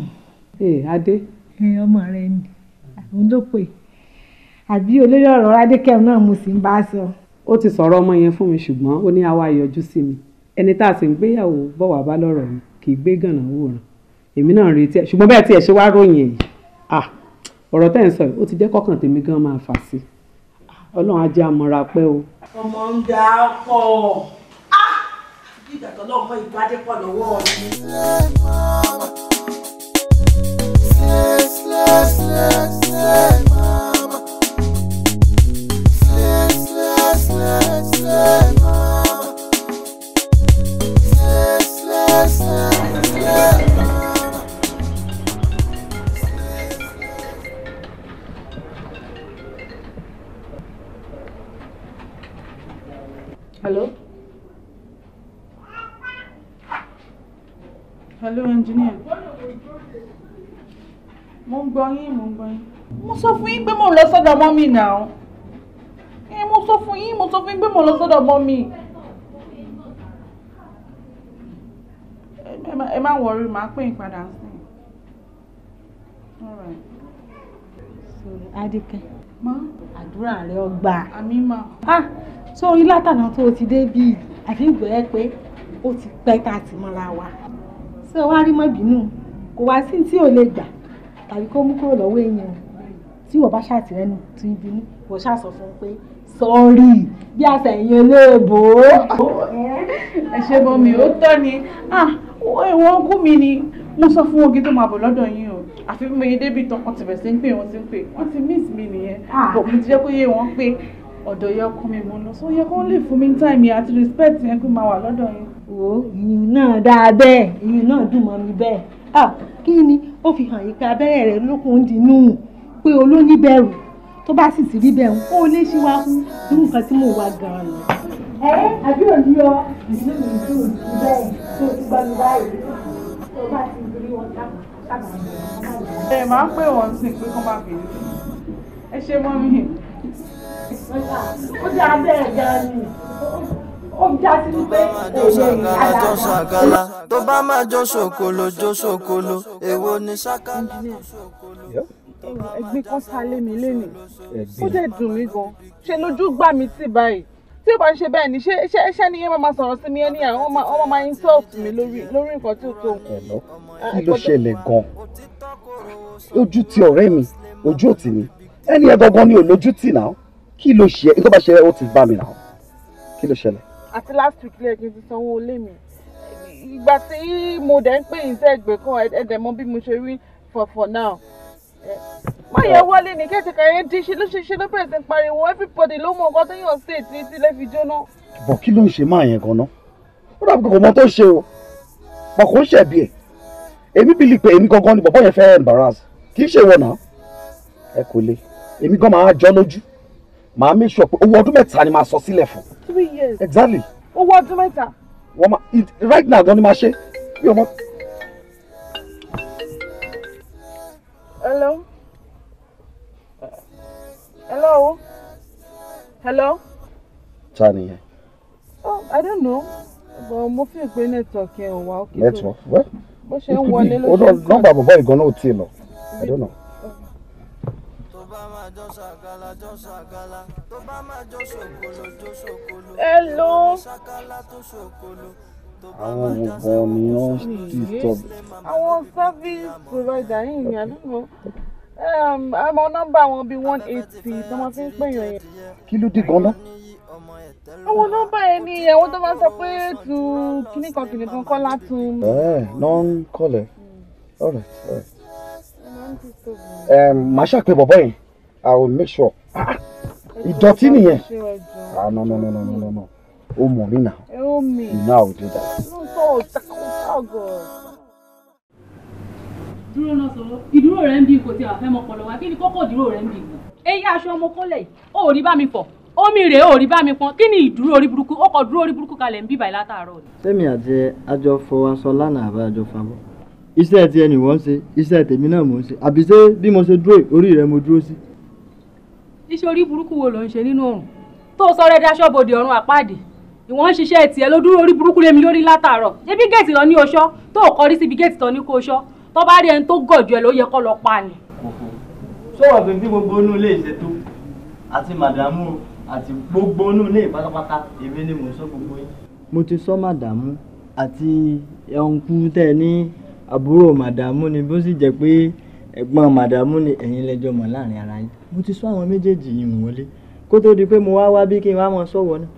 eh, adé. ọmọ rẹ ni àwọn ló pè àbí olórí ọ̀rọ̀ adékẹ́hùn náà mo sì ń bá a sọ. ó ti sọ̀rọ̀ ọmọ yẹn fún mi ṣùgbọ́n ó ní àwa yọjú sí mi ẹni tá a sì ń gbéyàwó bọ̀ wá bá lọ́rọ̀ yìí kì í gbé gànà wòran èmi náà retí ẹ ṣùgbọ́n bẹ́ẹ̀ tí ẹ ṣe wá ròyìn èyí ah ọ̀rọ̀ tẹ́ ẹ̀ ń sọ yìí ó ti jẹ́ kọ́kàn tèmi gan máa fà sí ọlọ́run á jẹ́ pẹ́ o. ọmọ ń da ọkọ ah hello engineer. mo ń gbọ́ yín mo ń gbọ́ yín. mo sọ fún yín pé mo lọ sọ́dọ̀ ọmọ mi náà. ẹ mo sọ fún yín mo sọ fún yín pé mo lọ sọ́dọ̀ ọmọ mi. ẹ má wọrí màá pè é padà sí i. all right. sorry adike. ma. àdúrà rẹ ọgbà. àmì ma. ah sórí látànà tó o ti dé bíi àfi ìgbẹ́ pé ó ti pẹ́ ká ti mọ́ra wa ṣé o wá rí mọ́ bínú kò wá sí tí ò lè gbà tàbí kó mú kúrò lọ́wọ́ èèyàn tí wọ́n bá ṣàtìrẹ́nu tí bínú wọ́n ṣàṣọ fún un pé sọ́ọ̀rì bí àtẹ̀yìn olóòbò. ẹ ṣe bọ́ mi ó tọ́ ni ẹ̀wọ̀n ah, ń kú mi ni mo sọ fún ogi tó máa bọ̀ lọ́dọ̀ yín o àfi mo yẹ débi tán wọ́n ti bẹ̀rẹ̀ sí ń pè wọ́n ti ń pè wọ́n ti miss mi nìyẹn ah. bọ̀ mo ti jẹ́ kó yé wọn pé ọ̀dọ̀ yẹ ọkọ mi mo lọ sọ yẹ kó lè fún mi ní táìmì àti respect yẹn kó máa wà lọ́dọ̀ yín wo ìyún náà dáa bẹ́ẹ̀ ìyún náà dùn mọ́ mi bẹ́ẹ̀ kí ni ó fi hàn yín abẹ́rẹ́ rẹ lókun ń dinú pé olóyìn bẹ̀rù tó bá sì ti rí bẹ́ẹ̀ ń kó lé sí wa kú nínú nǹkan tí mò ń wá gan-an ẹ àbí òní yọ ìdílé mi dùn bẹ́ẹ̀ tó ti gbọ́ mi báyìí tó bá ti rí wọn sábà. ẹ máa ń pè wọ́n sí pé kó má fi ẹ ṣe mọ́ mi. ó dá bẹ́ẹ̀ gan-an ni ó já sí wípé òun ní tó bá máa jó ṣòkòlò jó ṣòkòlò èwo ni ṣákàlà tó ṣòkòlò ẹgbẹ́ kan sá mi lénìí ó dẹ̀ dùn mí gan ṣe lójú gbà mí tì báyìí tí ó bá ń ṣe bẹ́ẹ̀ ni ṣé ṣé ni yẹn máa sọ̀rọ̀ sí mi ẹni à wọ́n máa máa insult mi lórí lórí nǹkan tí ó tó. ẹ̀lọ́ kí ló ṣẹlẹ̀ gan-an ojú ti ọ̀rẹ́ mi ojú òtí mi ẹni ẹ gangan ni ò lójú tì náà kí ló ṣe nǹkan bá ṣe ó ti bá mi náà kí ló ṣẹlẹ̀ àti last week lẹ́yìn kí n ti sanwó ilé mi ìgbà tí mo dẹ̀ ń pè yín tẹ́ ẹgbẹ́ kan ẹ̀ẹ́dẹ̀ mọ bí mo ṣe rí for for now. má yẹ wọlé ní kẹ́tìkà yẹn dín ṣe ló ṣe ṣe ló bẹ̀rẹ̀ sí pariwo everybody ló mọ nǹkan tó yàn sí ètí tílẹ̀ fi jóná. bọ̀ kí ló ń ṣe máa yẹn gan-an ó dàbí kò mọ tó ṣe o wọn kò ṣẹ̀bi ẹ̀ èmi bìlì pé èmi gangan ni bọ̀bọ̀ yẹn fẹ́ embarrass kì í ṣe wọ̀nà ẹ kò le èmi gan máa jọ lójú màá make sure pé owó ọdún mẹ́ta ni màá sọ sílẹ̀ fún. three years exactly. owó ọdún mẹ́ta. wọ́n ma right now gan ni màá ṣe bí ọmọ. hello hello hello. ta ni yẹn. oh i don't know but mo fi pe network yẹn ò wá. network well. bó ṣe ń wọlé ló ṣe ń sọ. nọ́mbà bàbá ìgànnà ò tí lọ i don't know bá máa jọ ṣàkàlà jọ ṣàkàlà tó bá máa jọ ṣòkòlò jọ ṣòkòlò hello ṣàkàlà tó ṣòkòlò àwọn gbogbo ni wọ́n ti sọ. àwọn service provider yìí ni àdúgbò àmọ́ nọ́mbà wọn bíi one eighty tí wọ́n ti ń pè yàn yẹn. kí ló dé gan-an. àwọn nọ́mbà yẹn ni àwọn tó máa sọ pé tu kíníkan kíníkan kọ́ látún. ẹ ẹ náà ń kọlẹ̀ ọ̀rẹ́ ẹ màá ṣàpè bọ̀bọ̀ yìí i will make sure ìdọ̀tí nìyẹn ah no no no no no no o mọ̀ mí náà you know i will do that. dúró náà sọ̀rọ̀ ìdúró rẹ̀ ń bí ipò tí a fẹ́ mọ ọpọlọ wa kí ni kókó ìdúró rẹ̀ ń bí ipò. eyín aṣọ ọmọ kọ́lẹ̀ yìí ó rí bá mi fọ̀ omi rèé ò rí bá mi pọn kí ni ìdúró orí burúkú ó kọ dúró orí burúkú kalẹ̀ ń bí báyìí látàárọ̀ ni. sẹ́mi àti àjọ fọwọ́ aṣọ lánàá àbá àjọ fàbọ̀ iṣẹ́ ti ẹnì wọ́n ń ṣe iṣẹ́ tèmi náà mò ń ṣe àbí ṣé bí mo ṣe dúró orí rẹ mo dúró sí iṣẹ́ orí burúkú wo ló ń ṣe nínú ọ̀run tó sọ rẹ daṣọ bòde ọ̀run àpáàdì ìwọ̀n ń ṣiṣẹ́ tiẹ̀ ló dúró orí burúkú lémi lórí látàárọ̀ ṣébí géètì lọ ní oṣọ́ tó kọrí síbi géètì tán ní kó oṣọ́ tó bá rí ẹni tó gọ̀jù ẹ ló yẹ kó lọ pa ni. sọ̀rọ̀ pé bí gbogbo inú ilé ìṣètò àti màdàmú àti gbogbo inú ilé pátápátá èmi ni mò ń sọ gbogbo yín. mo ti sọ màdàmú àti ẹ̀hún kú tẹ̀ ní àbúrò màdàmú ni bó sì jẹ́ pé ẹ̀gbọ́n màdàmú ni ẹ̀yin lẹ́jọ́ mọ̀ láàrin ara yín mo ti sọ àwọn méjèèjì yìí wọlé kó tó di pé mo wá wá bí kí n wá mọ sọ̀wọ́ náà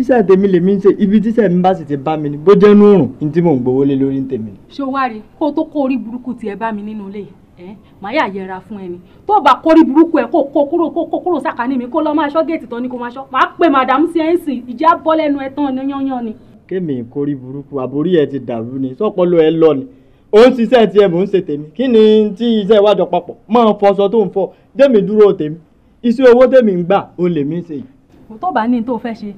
iṣẹ́ tèmi lèmi ń ṣe ibi tíṣẹ́ mi bá sì ti bá mi ni bó jẹ́ nú òrùn ní tí mò ń gbowó lé lórí tèmi. ṣé o wá rí kó o tó kó orí burúkú tiẹ̀ bá mi nínú ilé yìí màá yà yẹra fún ẹni tó o bá kórí burúkú ẹ kó kó kúrò kó kó kúrò sàkání mi kó lọ máa ṣọ́ géètì tán ni kó máa ṣọ́ màá pè màdàmú sí ẹ̀ ń sìn ìjà bọ́ lẹ́nu ẹ̀ tán yányán ni. kémi ìkórí burúkú àbórí ẹ ti dàrú ni sọpọlọ ẹ lọ ni ó ń ṣiṣẹ́ tiẹ̀ mò ń ṣe tèmi kí ni tí iṣẹ́ ìwádìí papọ̀ máa fọṣọ tó ń fọ jẹ́mi dúró tèmi iṣẹ́ owó tèmi ń gbà ó lè mí ṣe. kò tó bá ní tó fẹ́ ṣe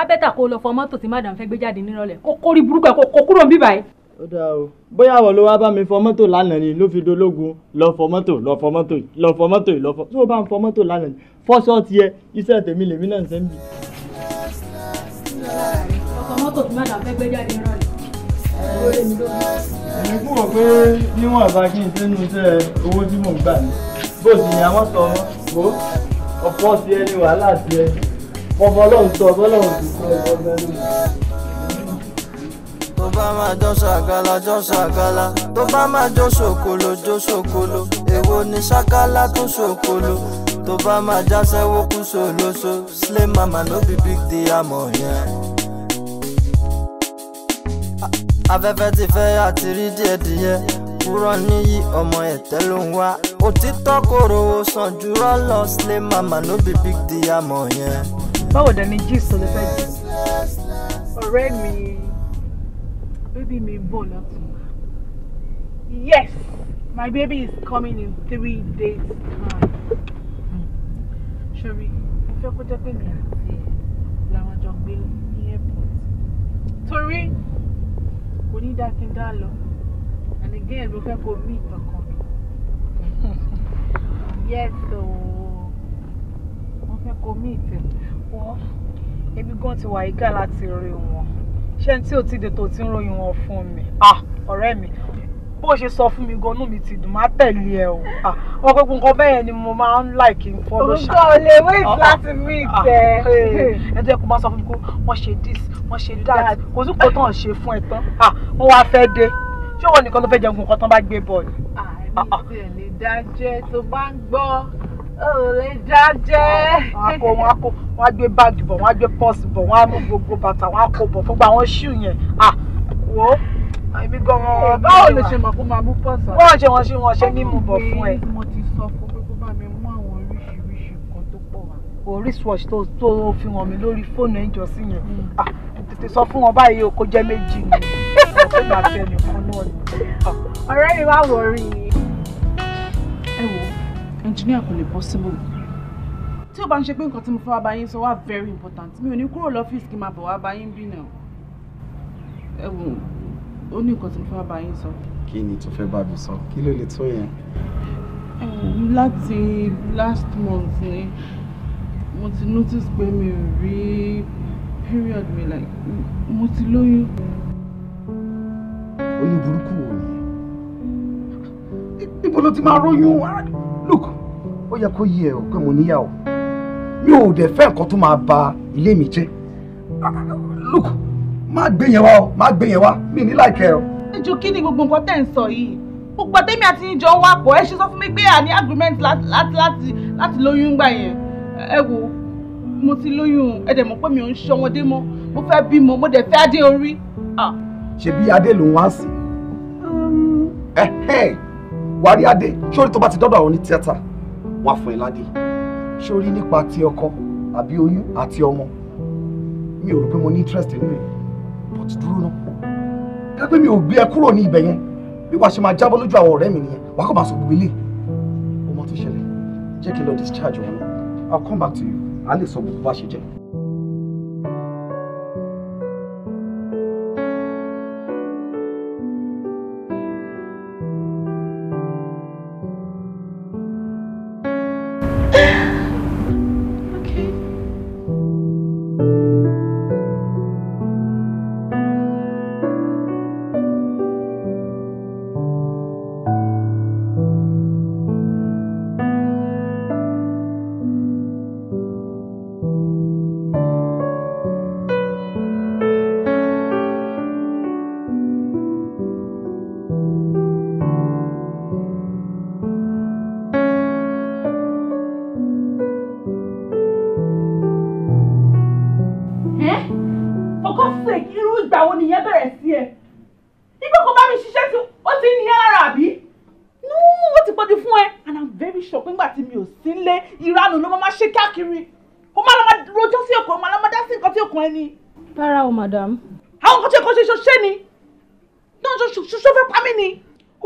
abẹ́tà kó lọ fọ mọ́tò tí madam fẹ́ gbé jáde nírọ̀lẹ́ kó kórí burúkú ẹ̀ kó kúrò ń bíbáyìí. ó dáa o bóyá àwọn ló wá bá mi fọ mọ́tò lánàá ni ló fi dológun lọ fọ mọ́tò lọ fọ mọ́tò lọ fọ mọ́tò lọ fọ tó o bá ń fọ mọ́tò lánàá ni fọ́ṣọ́ tiẹ̀ iṣẹ́ tèmi lèmi náà ń sẹ́ńbì. ọkọ̀ mọ́tò tí madam fẹ́ gbé jáde nírọ̀lẹ́ èmi kúrò pé níwọ̀n bá kí iṣẹ́ owó tí mò ń gbà ní bó sì ní àwọn sọ ọmọ ọ̀pọ̀ ti ẹni wàhálà ti ẹ ọmọ ọlọ́run sọ ọmọ ọlọ́run sọ ọmọ ọlọ́run. tó bá máa jọ ṣàgálà jọ ṣàgálà tó bá máa jọ ṣòkòlò jọ ṣòkòlò èwo ni ṣàgálà tó ṣòkòlò tó bá máa já kú sòlóso slay mama no be big deal àmọ̀ yẹn afẹ́fẹ́ ti fẹ́ àti rí díẹ̀díẹ̀ kúrọ̀ níyì ọmọ ẹ̀tẹ́ ló ń wá òtítọ́ kòrò sàn jùlọ lọ sílé màmá no be big deal àmọ́ yẹn. báwo dẹ̀ ni gist ló fẹ́ jù ọ̀rẹ́ mi bébí mi bọ̀ láti wá yes my baby is coming in three days time ṣorí mo fẹ́ kó jẹ́ pé mi àti ẹ̀ làwọn jọ gbé ní airport torí kò ní dá kí n dá lọ and again ló fẹ́ kó mí ìtọ̀kan mi yes ooo wọ́n fẹ́ kó mí ìtẹ̀ wọ́n èmi gan ti wà yíká láti rí wọn ṣé n tí ò ti dètò tí ń ròyìn wọn fún mi ah ọ̀rẹ́ mi bó ṣe sọ fún mi gan-an mi ti dùn má tẹ̀lé ẹ o wọn pé nǹkan bẹ́ẹ̀ ni mo máa ń like n follow ṣá. nǹkan ò lè wait ah, láti meet ah, ẹ. ẹ jẹ́ kó máa sọ fún mi pé wọ́n ṣe this wọ́n ṣe that kò sí kò tán ṣe fún ẹ tán wọ́n wá fẹ́ dé ṣé wọn nìkan ló fẹ́ jẹun nǹkan tán bá gbé bọ̀ ni. àmì ìdílé ah, dájẹ́ tó bá ń gbọ́ ó lè dájẹ́. wọn á kó wọn á kó wọn á gbé báàgì bọ̀ wọn á gbé pọ́ọ̀sì bọ̀ wọn á mú gbogbo bàtà wọn á kó bọ̀ fún gbà wọn ṣù yẹn wò èmi gan eh, wọn báwo lè ṣe mọ̀ máa mú pọ̀sán. wọ́n ṣe wọ́n ṣe wọ́n ṣe ní mo bọ̀ fún ẹ. mo ti sọ fún pé kó bá mi mú àwọn oríṣiríṣi nǹkan tó pọ̀ wá. o wristwatch tó tó fi hàn mí lórí fóònù ẹ̀jọ̀ sí yẹn hmm. ah, tètè sọ fún wọn báyìí o kó jẹ́ méjì ni sọ pé màá fi ẹnìkan náà ni. Ah. ọ̀rẹ́ mi wá wọ̀ rí i. ẹ wo ẹnjìníà kò lè possible tí o bá ń ṣe pé nǹkan tí mo fẹ́ wá bá yín sọ wá very important mi ò ní kúrò lọ́fíìsì kí n máa bọ̀ wá bá yín bí náà. ẹ wò ó ó ní nǹkan tí mo fẹ́ bá yín sọ. kí ni tó fẹ́ bá mi sọ kí ló lè tó yẹn. láti last month ni mo ti notice pé mi ò rí period mi like mo ti lóyún. oyún burúkú wo ni ibo ló ti máa róyún ah, look ó yẹ kó yẹ ọ pé mo níyàwó mi ò dẹ̀ fẹ́ nǹkan tó máa ba ilé mi jẹ́ ah, look má gbé yẹn wá o má gbé yẹn wá mi ní láìkẹ́ o. ẹjọ kí ni gbogbo nǹkan tẹ̀ ń sọ yìí gbogbo tèmi àti ìjọ wa pọ̀ ẹ ṣe sọ fún mi pé a ní agreement láti láti láti lóyún gbà yẹn ẹ wo mo ti lóyún ẹ dẹ̀ mọ̀ pé mi ò ń ṣọmọdé mọ́ mo fẹ́ bímọ mo dẹ̀ fẹ́ adé orí. ṣebí adé ló ń wá sí um. wà á rí adé sórí tó bá ti dọ́dọ̀ àwọn ní tíátà wà fún ẹ ládé sórí nípa ti ọkọ àbí oyún àti ọmọ mi ò rò pé mo ní interest nínú ẹ but dúró náà kápẹ́ mi ò gbé ẹ kúrò ní ibẹ̀ yẹn bí wàá ṣe máa jábọ́ lójú àwọn ọ̀rẹ́ mi nìyẹn wàá kọ́ máa sọ gbogbo ilé ọmọ tó ṣẹlẹ̀ jẹ́ kí n lọ discharge wọn I'll come back to you I'll lè sọ gbogbo bá ṣe jẹ́. irú ìgbà wo nìyẹn bẹ̀rẹ̀ sí ẹ nígbà kó bá mi ṣiṣẹ́ tí ó ti ní ẹ lára àbí nú ó ti pọ̀jù fún ẹ and i'm very sure pé nígbà tí mi ò sí nílé ìranù ló máa ṣe káàkiri kó má lọ́mọ rojọ́ sí òkun ọmọ alámọ́dá sí nǹkan tí òkun ẹni. rárá o madam. àwọn nǹkan tí èkó ṣe ṣoṣé ni náà ṣoṣo fẹ́ pa mí ni.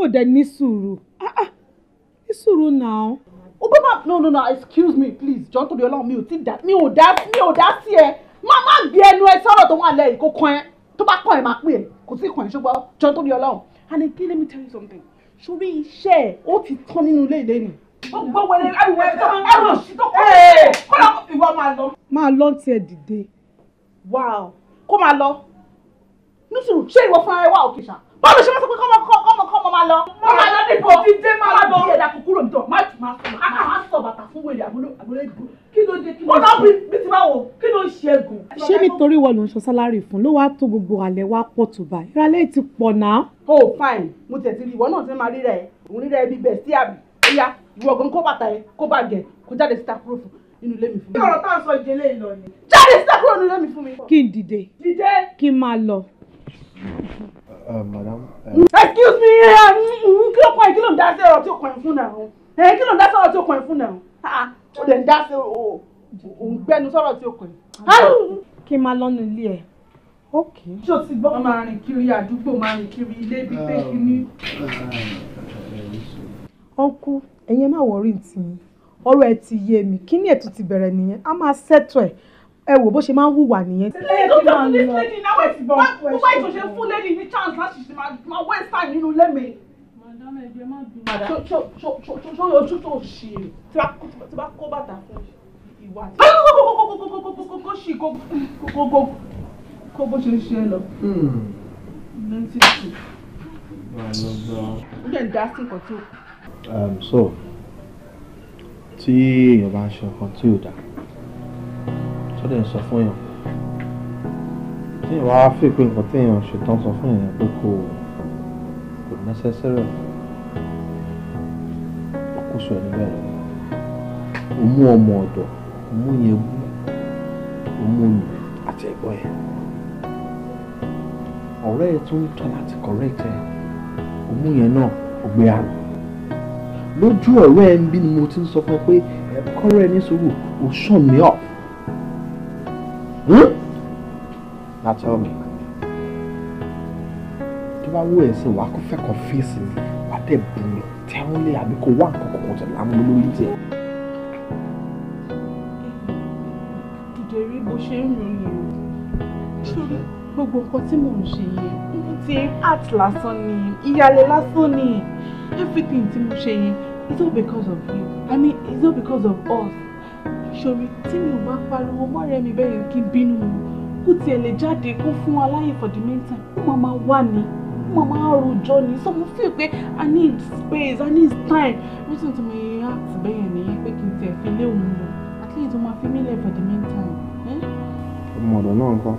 ó dẹ̀ ní sùúrù ah, ah. ní sùúrù náà. o gbọ́dọ̀ no no no excuse me please jọ́ torí ọlọ́run mi ò tí dá mi ò dá sí ẹ má má bí ẹnu ẹ sọ̀rọ̀ tó wà lẹ́yìn kó kàn ẹ́ tó bá kàn ẹ́ máa pè é kò sí kàn ẹ́ ṣùgbọ́n jọ tó di ọlọ́run and again let me tell you something sórí iṣẹ́ ẹ̀ ó ti tán nínú ilé ilé ni. gbogbo wẹrẹ ẹrùwẹ tó ẹrù òsì tó kọ́ ẹ kó lọ ìwọ máa lọ. máa lọ tiẹ̀ dìde wow kó máa lọ nítorí ṣé ìwọ fúnra ẹ wà òkè ṣáà bọ́ọ̀lù ṣe máa sọ pé kọ́mọ kọ́mọ kọ́mọ máa lọ. wọ́n máa lọ dípò tí dé máa lọ. kí ẹ̀dá kúkúrò nítorí má tún máa sọ̀rọ̀ káká máa sọ bàtà fún wèrè àgbélé àgbélé ìgbò kí ló dé kí ló dé. ọ̀nà bí ti máa wò kí ló ṣe é ṣé nítorí wọn ló ń san sálárì fún ló wàá tó gbogbo àlẹ́ wa pọ̀ tó bá ìrọ̀lẹ́ ti pọ̀ náà. o oh, fine mo tẹ̀ ti rí ìwọ náà ti máa ríra ẹ òun ríra ẹ bí bẹ̀ sí àbí ẹ̀yà ìwọ gan kó bàtà ẹ kó bàgẹ̀ kó jáde síta kúrò fún nínú ilé mi fún mi. kí ọ̀rọ̀ tá à ń sọ ìdílé ìlọ ni. jáde síta kúrò nínú ilé fún mi. kí n dìde. dìde. kí n máa lọ. Uh, madam. Uh, excuse me um, um, kí ló kọ́ ẹ kí ló ń dá sí ọ̀rọ̀ tí o kàn fún náà kí ló ń dá sí ọ̀rọ̀ tí o kàn fún náà o dẹ̀ ń dá sí òun gbẹ́nu sọ̀rọ̀ tí o kàn. kí n máa lọ́nu ilé ẹ̀ ókè. ṣé o ti gbọ́ máa rìn kiri àdúgbò máa rìn kiri ilé ibi pé kí ni. ọ̀nkú ẹ̀yin má wọrí ntì mi ọ̀rọ̀ ti yé mi kí ni ètò ti bẹ̀rẹ̀ nìyẹn a máa ṣètò ẹ̀ ẹ wò bó ṣe máa ń hùwà nìyẹn. ẹ ló jọ ní lẹ́dí náà wẹ̀ sí bọ́ wọ́n wá ìtòṣe fún lẹ́dí ní chance láti ṣe máa wẹ́ sàn nínú lẹ́mẹ̀ẹ́. madam ẹgbẹ́ má dùn. ṣó ojú ṣe ṣe lọ. so tí èèyàn bá ń ṣe nǹkan tí ò dáa tó dẹ̀ ń sọ fún èèyàn tí ìwà fi nǹkan tí èèyàn ṣetán sọ fún èèyàn pé kò kò nẹ́sẹ̀sẹ̀rẹ̀ ọkùnso ẹni bẹ́ẹ̀ o mú ọmọ ọ̀dọ̀ o mú yẹn bú o mú olù àti ẹ̀gbọ́n yẹn ọ̀rẹ́ ẹ̀ tó ń tọ́ láti correct ẹ̀ o mú yẹn náà o gbé àrùn lójú ọ̀rẹ́ ẹ̀ ń bí ni mo ti ń sọ fún ọ pé ẹ̀kọ́ rẹ̀ ní sùúrù o sùn mí ọ̀. Hmm? Now tell me. Tí wàá wú ẹ̀ sí wàá kó fẹ́ kàn fèsì mi, wàá me, bù mí, tẹ́wọ́n lé àbí kò wá nǹkan kọ̀ọ̀kan tó lámú lórí jẹ. everything tí mo ṣe it's all because of you. I mean, it's all because of us sori tí mi ò bá pariwo mọ́rẹ́ mi bẹ́ẹ̀ kí n bínú mi kó tiẹ̀ lè jáde kó fún wa láyè for the meantime ó máa máa wà ní ó máa máa rojọ́ ní so mo feel pé i need space i need time reason to my act bẹ́ẹ̀ nìyẹn pé kí n tiẹ̀ fi lé òun lọ at least ó máa fi mí lẹ̀ for the meantime. ọmọ ọ̀dọ̀ náà ń kọ́.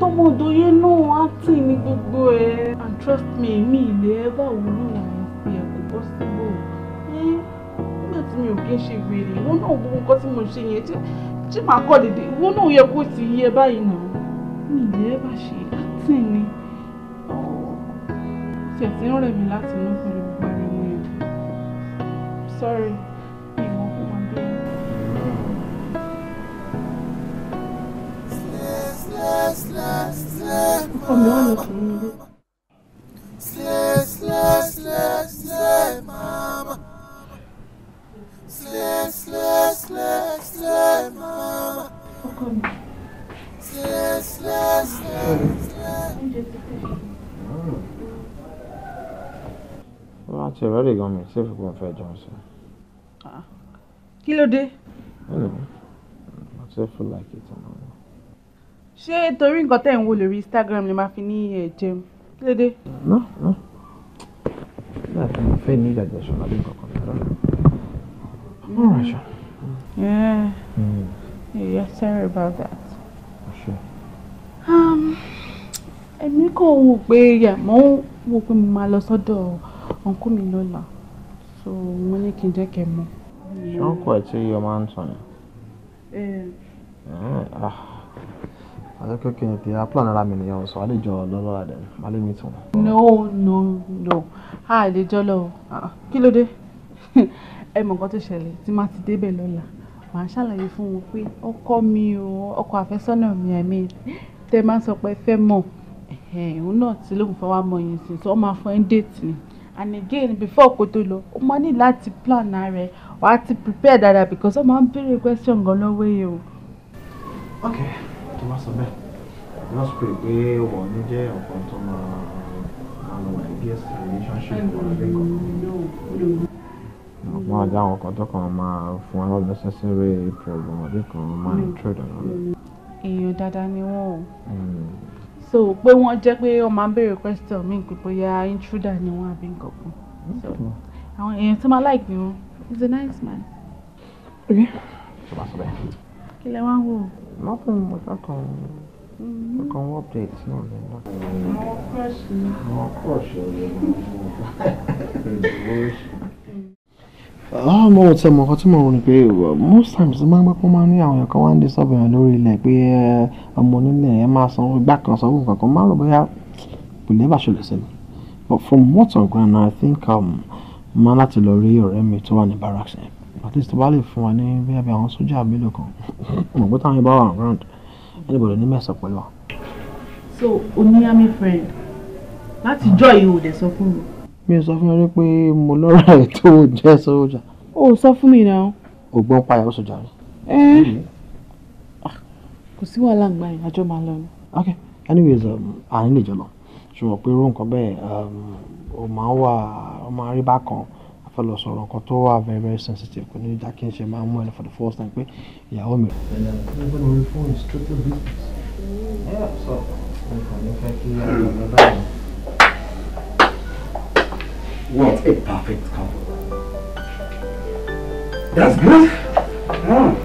tọmọdọ̀yẹ náà á tì ní gbogbo ẹ̀ and trust me mi ì lè bá wúlò wà ní ẹ̀kọ́ bọ́sẹ̀ tí mi ò kí ń ṣe wèrè ìwọ náà gbogbo nǹkan tí mo ṣe yẹn tí màá kọ́ dédé ìwọ náà yẹ kó ti yẹ báyìí nà mí ìdí bá ṣe àtì ni ṣe ti ń rẹ̀ mí láti inú pẹ̀lú gbogbo ara ẹni sorry ìwọ kò máa bí slay, slay, mama. Slay, slay, slay, slay. Ó máa ti rẹ́rì mi, ṣé fipò ń fẹ́ jẹun sí? Ah, kí ló dé? I just feel like it. Ṣé torí nǹkan tẹ̀ ń wò lórí Instagram lè máa fi ní ẹ̀ eh, jẹun? Kí ló dé? No, no. Láti fẹ́ ní ìdàgbàsọ̀ lábẹ́ nǹkan kan. I'm all right, Sean. Yeah. Mm. Yeah, sorry about that. Sure. Um, èmi kàn wò pé yà mọ́ wò pé mo máa lọ sọ́dọ̀ ọ̀nkú mi lọ́la so mo ní kí n jẹ́ kẹ́ mọ̀. ṣọ́ọ̀kù àti iye máa ń tàn yín. àti kékeré ní ti aplan eh. eh, ah. ara mi nìyẹn sọ àlejò lọ́lọ́ àdẹ malé mi tàn. no no no a lè jọ lọ ah, kí ló dé ẹ mọ̀ nǹkan tó ṣẹlẹ̀ tí má ti débẹ̀ lọ́la màá ṣàlàyé fún wọn pé ọkọ mi o ọkọ àfẹ́sọ́nà mi àmì tẹ máa sọ pé fẹ́ mọ̀ òun náà tí lóun fẹ́ wá mọ yẹn sí so ọ máa fọ ẹ́ déètì ni and again before kó tó lọ ó máa ní láti plan rẹ wàá ti prepare dáadáa because ó máa ń béèrè question gan lọ́wọ́ yìí o. ok tó bá sọ bẹ́ẹ̀ lọ sí pé pé wọ́n ní jẹ́ ọ̀kan tó máa máa lọ wà ní guest relationship wà lẹ́kọ̀ọ́ máa jẹ́ àwọn kan tó kàn máa fún ẹ unnecessary problem àbí kan máa hmm. intrude ọ̀nà rẹ̀. èèyàn dáadáa ni wọ́n o hmm. so pé wọ́n jẹ́ pé wọ́n máa ń béèrè question mi pé bóyá intruder ni wọ́n àbí nǹkan kan àwọn èèyàn tó máa like ni wọ́n he's a nice man. ṣọba ṣọba. kí lẹ wá ń wò. nothing mo ṣàkàn mo kàn wọ́n update náà ní ọ̀la. mo crush ni. mo crush ni. Ah, mo ò tẹ mọ nǹkan mo rò ní most times máa ń gbé pọ́n máa ń ní àwọn èèyàn kan wá ń dé sọ́bẹ̀ yẹn lórí ilẹ̀ pé ọmọ onílẹ̀ ẹ máa san owó igbá kan sanwó nǹkan kan máa rò bóyá kò lẹ́bàá ṣẹlẹ̀ sí mi but from what on ground I think um, máa láti lọ rí ọ̀rẹ́ mi tó wà ní barracks yẹn at least tó bá lè fún wa ní bí ẹbí àwọn sójà mélòó kan mọ̀ pé táwọn yẹn bá wà around anybody ní mẹ́sàn pẹ̀lú wa. so o friend láti jọ́ yìí ò dẹ̀ sọ fún mi mi ò sọ fún yín pé mo lọ́ra ètò jẹ́ sójà. o sọ fún mi náà. ògbọ́n payà ó sọjà rẹ. ẹ ah, kò sí wàhálà ń gbà yín àjọ máa lọ ok anyways àárín lè jọ lọ ṣùgbọ́n pé irú nǹkan bẹ́ẹ̀ um, ó máa ń wà ó máa ń rí bákan fọlọ sọ̀rọ̀ nǹkan tó wà very very sensitive kò ní ìjà kí n ṣe máa mú ẹni for the first time pé ìyàwó mi. Yeah, so, What a perfect couple. That's good. Mm.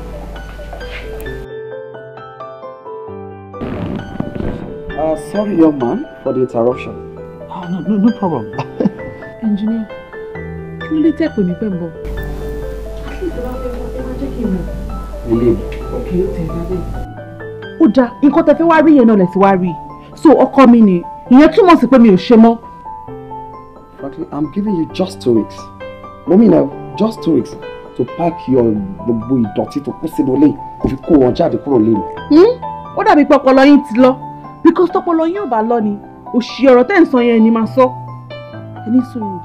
Uh, sorry, young man, for the interruption. Oh, no, no, no problem. Engineer, kí ló dé tẹ́ pè mí pẹ́ ń bọ̀? Ó dáa, nǹkan tẹ fẹ́ wá rí yẹn worry, lẹ̀ ti wá rí. So ọkọ mi in ìyẹn túmọ̀ sí to mi me a mọ́. Frankly, I'm giving you just two weeks. mommy. Now, just two weeks to pack your gbogbo ìdọ̀tí tó kún sínú ilé kò fi kó wọn jáde kúrò lé mi. Hmm? Ó dàbí pé ọpọlọ yín ti lọ because tọpọlọ yín ò bá lọ ni òṣì ọ̀rọ̀ tẹ́ ń sọ yẹn ni máa sọ. Ẹ ní sùúrù.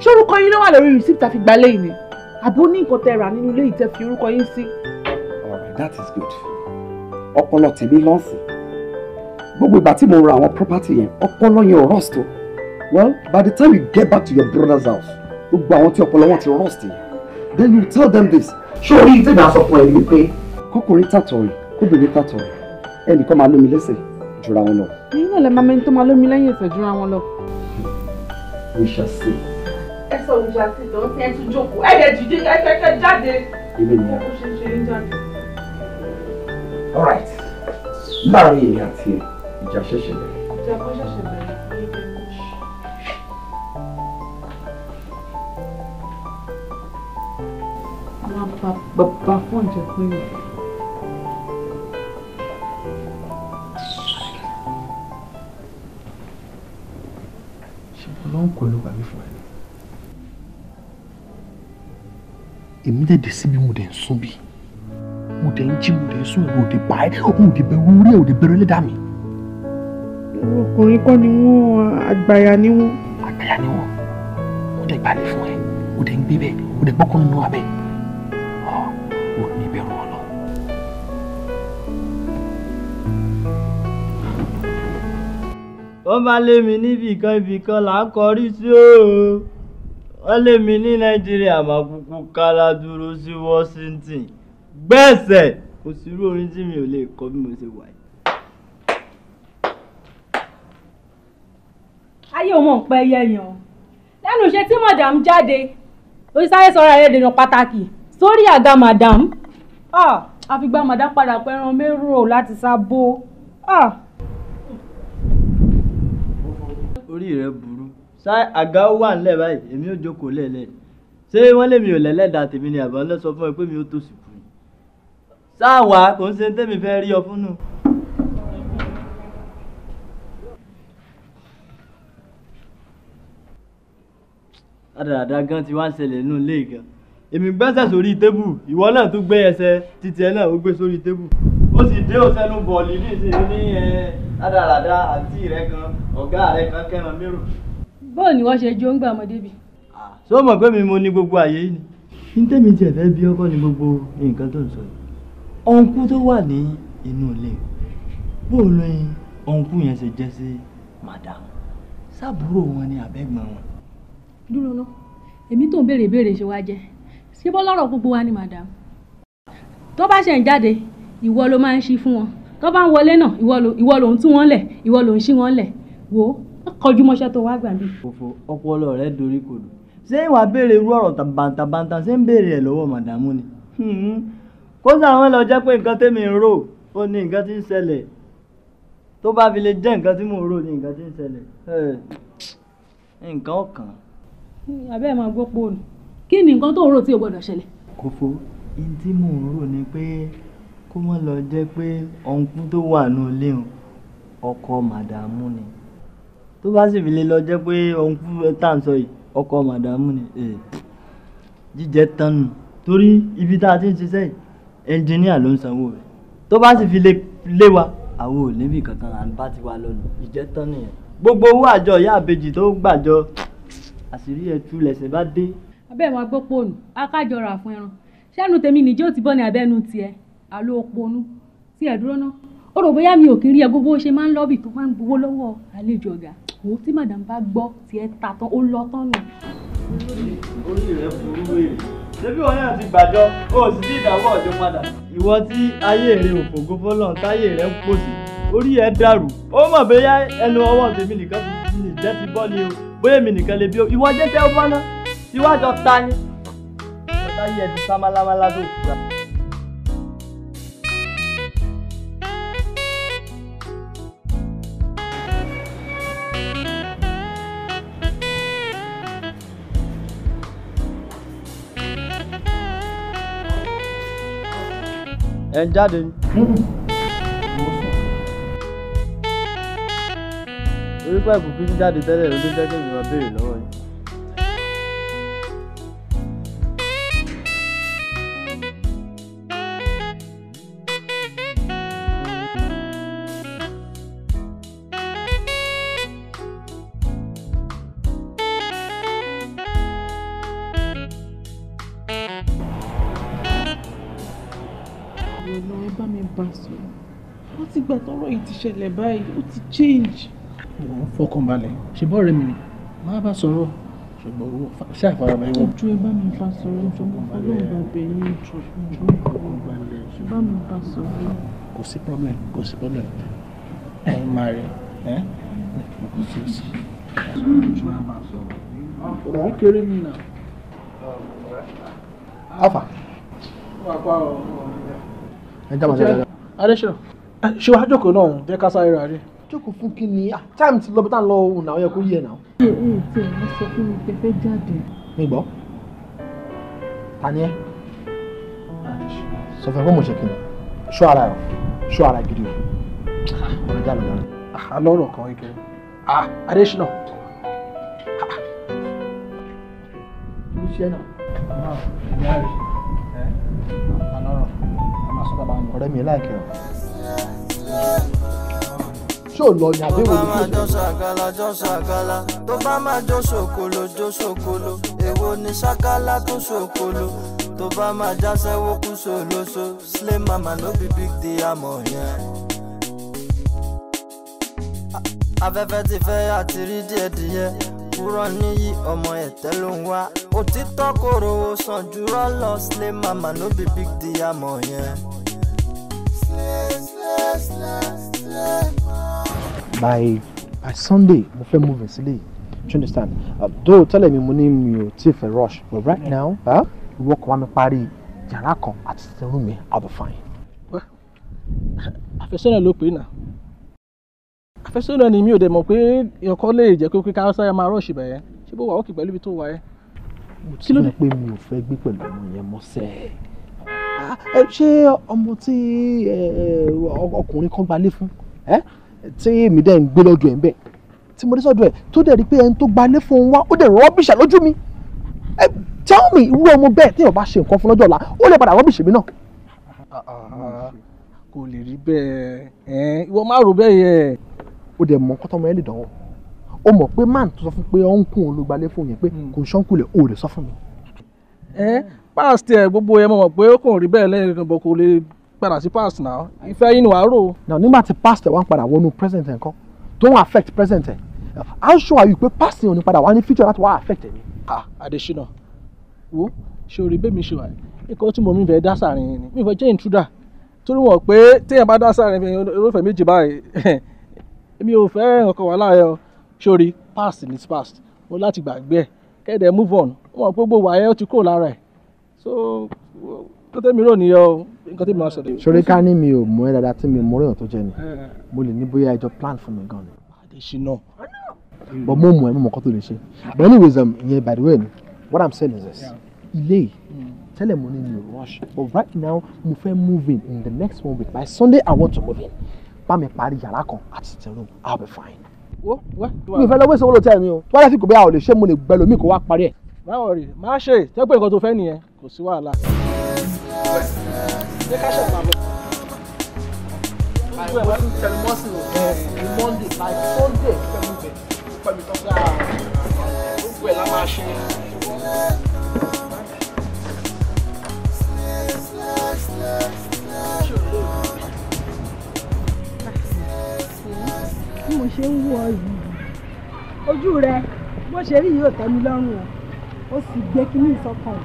Ṣé orúkọ yín ló wà lórí receipt àfi gbalẹ̀ yìí ni? Àbí ó ní nǹkan tẹ rà nínú ilé ìtẹ́ fi orúkọ yín sí? Alright, that is good. Ọpọlọ tèmi lọ́sìn. Gbogbo ìgbà tí mo ra àwọn property yẹn, ọpọlọ yẹn ò rọ̀ọ̀sì tó well by the time you get back to your brother's house gbogbo àwọn your ọpọlọ wọn ti rusty. then you tell them this. ṣé orí ìdí ìdá sọ fún ẹ ni pé. kọkùnrin tàtọ̀rìn kóbìnrin tàtọ̀rìn ẹnìkan máa lómi lẹ́sẹ̀ jura wọn lọ. èyí náà lè máa mẹ́ni tó máa lómi lẹ́yìn ẹ̀sẹ̀ jura wọn lọ. we shall see. ẹ sọ we shall see tó ń tẹ́ tún jókòó ẹ̀ dẹ̀ dìde ẹ kẹ́kẹ́ all right láàrin me àti ìjà ṣẹ̀ṣẹ̀ bẹ̀rẹ̀. ìjà fa babban wancan kuyi ṣùgbọ́n kò ló wà ní fún ẹ. èmi dẹ̀ dé síbi mo dẹ̀ ń sún bí mo dẹ̀ ń jí mo dẹ̀ ń sún ẹ̀rọ òde bá ẹ̀ òde bẹ̀rù orí ẹ̀ òde bẹ̀rù ẹlẹ́dàá mi. ọkùnrin kọ́ ni wọ́n àgbàyà ni wọ́n. àgbàyà ni wọ́n mo dẹ̀ gbalẹ̀ fún ẹ mo dẹ̀ ń gbé bẹ́ẹ̀ mo dẹ̀ gbọ́kànlélọ́wọ́ bẹ́ẹ̀ bẹ̀rù Ọlọ́run. wọ́n bá lé mi níbi kan ibì kan là ń kọrí sí o wọ́n lé mi ní nàìjíríà màkúkú kálá dúró sí Washington gbẹ̀sẹ̀ kò sí irú orin tí mi ò lè kọ bí mo ṣe wà yìí. ayé òun ò pẹ́ yẹ̀yàn lẹ́nu iṣẹ́ tí madam jáde ó sáré sọ́ra rẹ̀ dènà pàtàkì sórí àga madam àfigbá ah, màdá padà pẹ́ran mẹ́rò láti sábó. Ah. orí rẹ burú ṣá àga wà nílẹ̀ báyìí èmi ò jókòó lẹ́lẹ̀ ṣé wọ́n lé mi ò lẹ́lẹ́dàá tèmi ni àbá ńlẹ́ sọ fún ẹ pé mi ò tó sì kú ni ṣáà wá kò ń ṣe tẹ́mi fẹ́ rí ọ fún nù. àdàdà gan ti wá ń ṣẹlẹ̀ nínú ilé gan èmi gbẹ́sẹ̀ sórí tébù ìwọ náà tún gbé ẹsẹ̀ títí ẹ náà ó gbé sórí tébù. ó sì dé òsẹ́nu bọ̀ọ̀lì nísìnyí ní rádaràda àǹtí rẹ kan ọ̀gá rẹ kan kẹ́ran mérò. bọ́ọ̀ ni wọ́n ṣe jó ń gbà ọmọdé bì. ṣé o mọ̀ pé mi mo ní gbogbo àyè yìí ni. ní tèmi tiẹ̀ fẹ́ bí ọkọ ni gbogbo nǹkan tó ń sọ yìí. ọ̀nkú tó wà ní inú ilé bóò ló yin ọ̀nkú yẹn ṣe jẹ́ sí màdàmú sábúrò wọn ni àbẹ́gbọ̀n wọn. dúró ná èmi tó ń béèrè ìbéèrè ṣe wá jẹ́ ṣé bó lọ́rọ̀ gbogbo wa ni madam tó bá ṣe ń jáde ìwọ ló máa ń ṣí fún wọn tó bá ń wọlé náà ìwọ ló ń tú wọn lẹ̀ ìwọ ló ń ṣí wọn lẹ̀ wò ó kọjú mọ́ṣẹ́ tó wá gbà mí. òfò ọpọlọ rẹ dorí kodò ṣé ìwà béèrè irú ọ̀rọ̀ tàbàǹtàbàǹtà ṣé ń béèrè ẹ̀ lọ́wọ́ màdàmú ni. Hmm. kó sàwọn lọ jẹ́ pé nǹkan tẹ́mi ń rò ó ní nǹkan tí ń ṣẹlẹ̀ tó bá fi lè jẹ́ nǹkan tí mò ń rò ní nǹkan tí ń ṣẹlẹ̀ nǹkan ọ̀kan. abẹ́ẹ̀ máa gbọ́ pòòlù kí ni nǹkan tó ń rò tí o gbọ́dọ̀ ṣẹlẹ̀. kófó ihun tí mò ń rò ni pé kó mọ́ lọ jẹ́ pé ọ̀nkún tó wà ní ilé ọkọ màdàmú ni tó bá sì fi lè lọ jẹ́ pé ọ̀nkún tá à ń sọ yìí ọkọ màdàmú ni jíjẹ tánu torí ibi tá a ti ń ṣiṣẹ́ yìí ẹnjìníà ló ń sanwó rẹ̀ tó bá sì fi lé wa àwọn ò níbi kankan à ń bá ti wa lọ́nu ìjẹ́ tán nìyẹn gbogbo owó àjọ ìyá àbejì tó gbàjọ àṣírí ẹ̀ tú lẹ̀sẹ̀ bá dé abẹ́ẹ̀ máa gbọ́ pònú akájọ rà fún ẹran ṣẹ́nu tèmi nìjẹ́ ò ti bọ́ ní abẹ́nu tiẹ̀ àlọ́ pònú tí ẹ̀ dúró náà ó rò bóyá mi ò kí ń rí ẹ gbogbo ṣe máa ń lọ́bì tó máa ń gbowó lọ́wọ́ àlejò ọ̀gá òun tí madam bá gbọ́ tiẹ̀ ta tán ó lọ tán nù. orí rẹ burú wèrè ṣébí wọn náà ti gbàjọ o sì ti ìdáwọ́ ọjọ́ padà. ìwọ tí ayé rẹ ò fògo fọlọ táyé rẹ ń pòsì orí ẹ dàrú ó mọ̀ bóyá ẹnu ọwọ́ tèmi nìkan ti jẹ́ ti bọ́ ni o bóyá èmi nìkan lè bí o ìwọ jẹ́ tẹ́ ọ bá náà síwájú ọ̀tá ni ọ̀tá yìí ẹ̀dùn sá málámálá tó fura. ẹ ń jáde ni. orí pẹ̀lú kí n jáde tẹ́lẹ̀ ló jẹ́ kí n máa béèrè lọ́wọ́ yìí. ti ṣẹlẹ̀ báyìí ó ti change. mo ń fọkàn balẹ̀ ṣe bọ́ ọ̀rẹ́ mi ni má bá sọ̀rọ̀ ṣùgbọ́n owó ṣe àfarabalẹ̀ wọn. ojú ẹ bá mi bá sọ̀rọ̀ ojú ọlọ́run bá bẹ̀ ní ojú ojú bá mi bá sọ̀rọ̀. kò sí problem kò sí problem ẹ máa rẹ ẹ kò sí sí. ọ̀rọ̀ kéré mi nà. afa. ẹ dábàá dáadáa. adéṣọ́ ṣé wàá jókòó náà jẹ́ ká sáré rà rí. jókòó fún kí ni ah, time ti lọ bí táwọn lọ òun náà ó yẹ kó yẹ náà. ṣé o ò tiẹ̀ wọ́n sọ fún mi pé fẹ́ jáde. mi gbọ́ ta ni ẹ sọ fún ẹ pé mo ṣe kìnnà ṣọ́ ara ẹ̀ ṣọ́ ara gidi o ọ̀rọ̀ já lọ ah, lọ́rọ̀. alọ́rọ̀ kan kékeré ah, adésínà. mo ṣe náà eh, ọ̀rẹ́ mi láìkẹ́ o ṣó lọ ní àbẹ̀wò ní kíni. tó bá máa jọ ṣàkàlà tó bá máa jọ ṣòkòlò jọ ṣòkòlò èwo ni ṣàkàlà tó ṣòkòlò tó bá máa jáṣẹ́wó kú ṣòlóṣo slay mama no be big deal àmọ́ yẹn. afẹ́fẹ́ ti fẹ́ àti rí díẹ̀ kúrọ̀ níyì ọmọ ẹ̀tẹ́ ló ń wá òtítọ́ kòrò ó sàn jùlọ lọ slay mama no be big deal àmọ́ yẹn. slay slay by by sunday mo fẹ́ move sílẹ̀ yìí you understand uh, though tẹ́lẹ̀ mi mo ní mi ò tí fẹ́ rush but right now ìwọ kan wá mi parí yàrá kan àti sẹ́rù mi i'll be fine. àfẹ́sọ́nà ló pè é náà àfẹ́sọ́nà ni mi ò dẹ̀ mọ̀ pé ọkọ lè jẹ́ pé ká sáyà máa rush bẹ̀yẹn ṣé bó wà ókè pẹ̀lú ibi tó wà ẹ́. mo ti sọ pé mi ò fẹ́ gbé pẹ̀lú ọmọ yẹn mọ́sẹ̀ ṣé ọmọ tí ọkùnrin kan gbalé fún tí èmi dẹ̀ ń gbé lọ́dọ̀ ẹ̀ ń bẹ̀ tí mo dé sọ́dọ̀ ẹ̀ tó dẹ̀ rí pé ẹni tó gbalé fún un wá ó dẹ̀ rọ́bìṣà lójú mi tell me irú ọmọ bẹ́ẹ̀ tí yóò bá ṣe nǹkan fún lọ́jọ́ ọ̀la ó lè padà rọ́bìṣì mi náà. kò lè rí bẹ́ẹ̀ ìwọ má rò bẹ́ẹ̀ yẹ. ó dẹ̀ mọ kọ́tọ́mọ ẹ lè dánwò ó mọ̀ pé máà tó sọ fún pé ọ̀nkùn olùgbalẹ̀ fún yẹn pé hmm. kò ń ṣọ́nkùlẹ̀ ó lè sọ fún mi. ẹ past ẹ̀ gbogbo ẹ̀ mọ̀ mọ̀ pé ó kàn rí bẹ́ẹ̀ lẹ́yìn ìrìnbọ̀ kò lè padà sí past náà ìfẹ́ yín wàá rò. now nígbà tí past ẹ̀ wá ń padà wọnú present ẹ̀ nǹkan tó ń affect present ẹ̀ how sure are you pé past yẹn ò ní padà wá ní future láti wá affect ẹ̀ ni. ah Adesina wo ṣòrí bẹ́ẹ̀ mi ṣe wà ikọ̀ tí mo mi fẹ́ dá sáàrin yẹn ni mi fẹ́ jẹ́ intruder torí wọn pé téèyàn bá dá sáàrin yẹn olófẹ́ méjì báyìí èmi ò fẹ́ ọkọ̀ wà láàyò ṣòrí past is past mo láti gbàgbé ẹ̀ kẹ́ẹ̀dẹ̀ move on wọn pé gbogbo àyẹ̀ ti kúrò lára ẹ̀ so tó tẹ́mi rò nìyẹn o nǹkan tẹ́mi máa ṣẹlẹ̀. ṣorí ká ní mi ò mú ẹ dáadáa tí mi ò mú ríyàn tó jẹ ni eh, eh, eh. mo lè ní bóyá ẹjọ plan fún mi gan ni. àdé ṣìnà. but mo mọ ẹ mo mọ nǹkan tó lè ṣe but anyways um, ìyẹn by the way what i'm saying is this ilé yìí hmm. tẹ́lẹ̀ mo ní mi ò rush but right now mo fẹ́ move in in the next one week by sunday i want to move in bá mi parí yàrá kan àti tẹ̀rù i'll be fine. mi ò fẹ́ lọ wẹ́sẹ̀ wọ́n lọ tẹ̀ ẹ́ ni o wọ́n yà sí kò bẹ́ẹ̀ àwọn olè ṣé mo lè gbẹ lómi kó wá parí ẹ̀ má wọrí má ṣe jẹ́ pé nǹkan tó fẹ́ nìyẹn kò sí wàhálà. ṣé ká ṣe pàmò. I was in Telemosin on Monday by Sunday. Pẹ̀lú tọ́jà gbogbo ẹ̀ la máa ṣe. bí mo ṣe ń wọ yìí ojú rẹ bó ṣe rí yìí ò tẹ́ mi lọ́rùn o ó sì gbé kínní ìsọkàn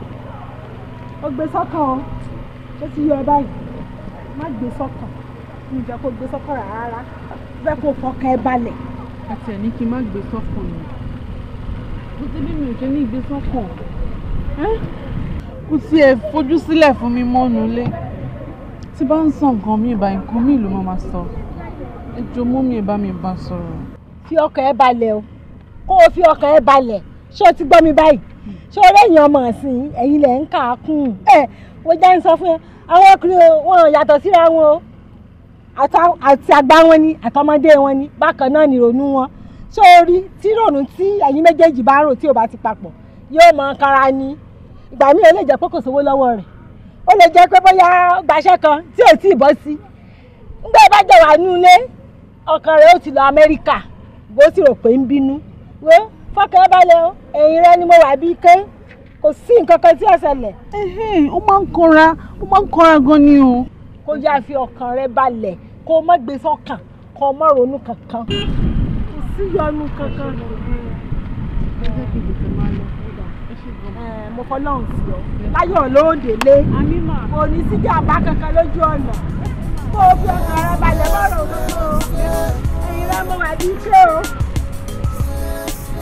ó gbé sọ́kàn ó ó ti yọ ẹ báyìí má gbé sọ́kàn mi jẹ́ kó gbé sọ́kàn rárá fẹ́ kó fọkàn ẹ balẹ̀. àti ẹ̀ kí n má gbé sọ́kàn ni bó ti bí mi ò ṣe ní gbé sọ́kàn kò tiẹ̀ fojú sílẹ̀ fún mi mọ́nu lé tí bá ń sọ nǹkan mi ìbá nǹkan mi ló máa sọ ẹ jọ mú mi ìbá mi bá sọ̀rọ̀. fi ọkàn ẹ balẹ̀ o kó o fi ọkàn ẹ balẹ̀ ṣé o ti gbọ́ mi báyìí ṣọlá èèyàn ọmọ ọ̀sìn ẹ̀yin lẹ̀ ń kà á kún un ẹ̀ wọ́n já ń sọ fún ẹ àwọn ọkùnrin wọn yàtọ̀ síra wọn o àti àgbà wọn ni àtọmọdé wọn ni bákan náà ni ronú wọn sórí tí rònú tí ẹ̀yin méjèèjì bá rò tí ò bá ti papọ̀ yóò mọ kanra ni ìgbà míì ó lè jẹ́ pé kò sówó lọ́wọ́ rẹ̀ ó lè jẹ́ pé bóyá gbaṣẹ́ kan tí ò tí ì bọ́ sí ngbé bá jẹ wà ní ilé ọkàn rẹ̀ ó ti lọ Amẹ́ríkà bó sì rò pé ń bínú wọ́n fọkàn balẹ̀ o ẹ̀yìn rẹ ni mo wà bíi ké kò sí nǹkan kan tí ó ṣẹlẹ̀. ó máa ń kanra ó máa ń kanra gan ni o. kó yá fi ọkàn rẹ balẹ̀ kó o má gbé sọ́kàn kó o má ronú kankan kò sí yọnu kankan. mo fọ́ lọ́hùn sí ọ láyọ̀ lóde lé kò ní síjà bá kankan lójú ọ̀nà kó o fi ọkàn rẹ balẹ̀ má ronú o ẹ̀yìn rẹ mo wà bíi ké o.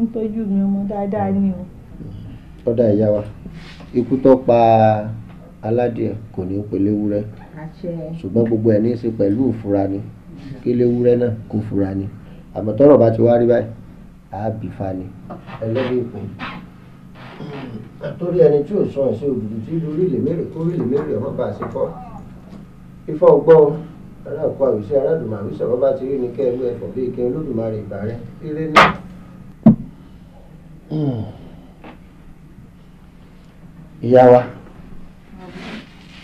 ń tọ́jú mi ọmọ dáadáa ni o. ọ̀dà ìyá wa ikú tó pa aládìẹ kò ní í pe léwúrẹ́ ṣùgbọ́n gbogbo ẹ̀ ní í ṣe pẹ̀lú ìfura ni kí léwúrẹ́ náà kò fura ni àmọ́ tọ́rọ̀ bá ti wá rí báyìí àábì fa ni ẹlẹ́rìí ìpín torí ẹni tí ò sọ ẹ̀sìn òbùdù tí lórí ilé mẹ́rẹ̀ kórí ilé mẹ́rẹ̀ ọmọ bá a ṣe fọ́ ifá ọgbọ́ aráàkú àwìṣẹ́ aládùnmáwìṣẹ́ ọmọ bá ti rí ni kẹ́ ẹgbẹ́ ẹ̀fọ́ bíi kí olódùmarè ìbá eré náà. Hmm. ìyá wa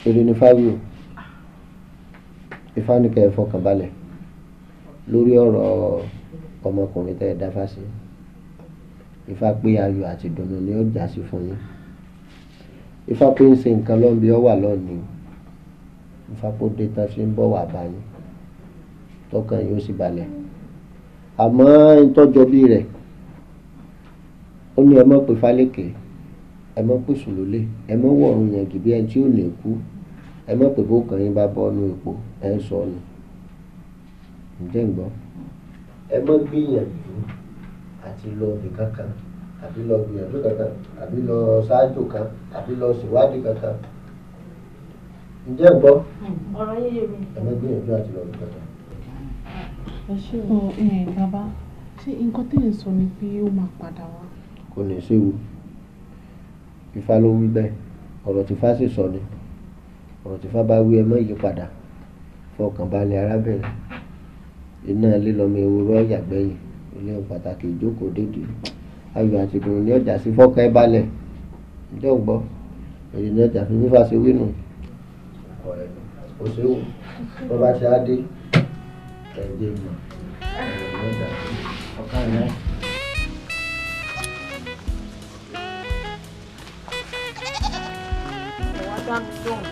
èrè ní fáwíò ìfánikẹ́ fọkànbalẹ̀ lórí ọ̀rọ̀ ọmọkùnrin tẹ́ ẹ dáfá sí Ifá pé ayọ̀ àti ìdùnnú ni ó jà sí fún yín Ifá pé ń ṣe nǹkan lọ́nbi ọ wà lọ́ọ̀ni Ifá pé ó dé tán fi ń bọ̀ wà báyìí tọkàn yóò sì balẹ̀ àmọ́ ìtọ́jọ́ bí rẹ̀ ó ní ẹ mọ́ pé fálékè ẹ mọ́ pé sùlólè ẹ mọ́ wọ̀run yàngì bí ẹni tí ò epo ẹ ń sọ ǹjẹ́ ń gbọ́. ẹ gbìyànjú àti lọ kankan àbí lọ gbìyànjú kankan àbí lọ ṣáájú kan àbí lọ ṣèwádìí kankan ǹjẹ́ ń ọ̀nà ìṣèwò Ifá ló wí bẹ́ẹ̀ ọ̀rọ̀ tífá sì sọ ni ọ̀rọ̀ tífá bá wí ẹ mọ́ yí padà fọkàn balẹ̀ arábìnrin iná ilé lọ́mọ ewúro ọ̀yà gbẹ̀yìn ilé pàtàkì ìjókòó dédé ayọ̀ àti ìdùnnú ní ọjà sí fọkàn ẹ balẹ̀ ǹjẹ́ ò gbọ́ èyí ní ọjà fún fífa ṣe wínú òṣèwò tó bá ṣe á dé ẹ̀jẹ̀ ìmọ̀ ẹ̀jẹ̀ ní ọ̀kan náà. dá mi lóhùn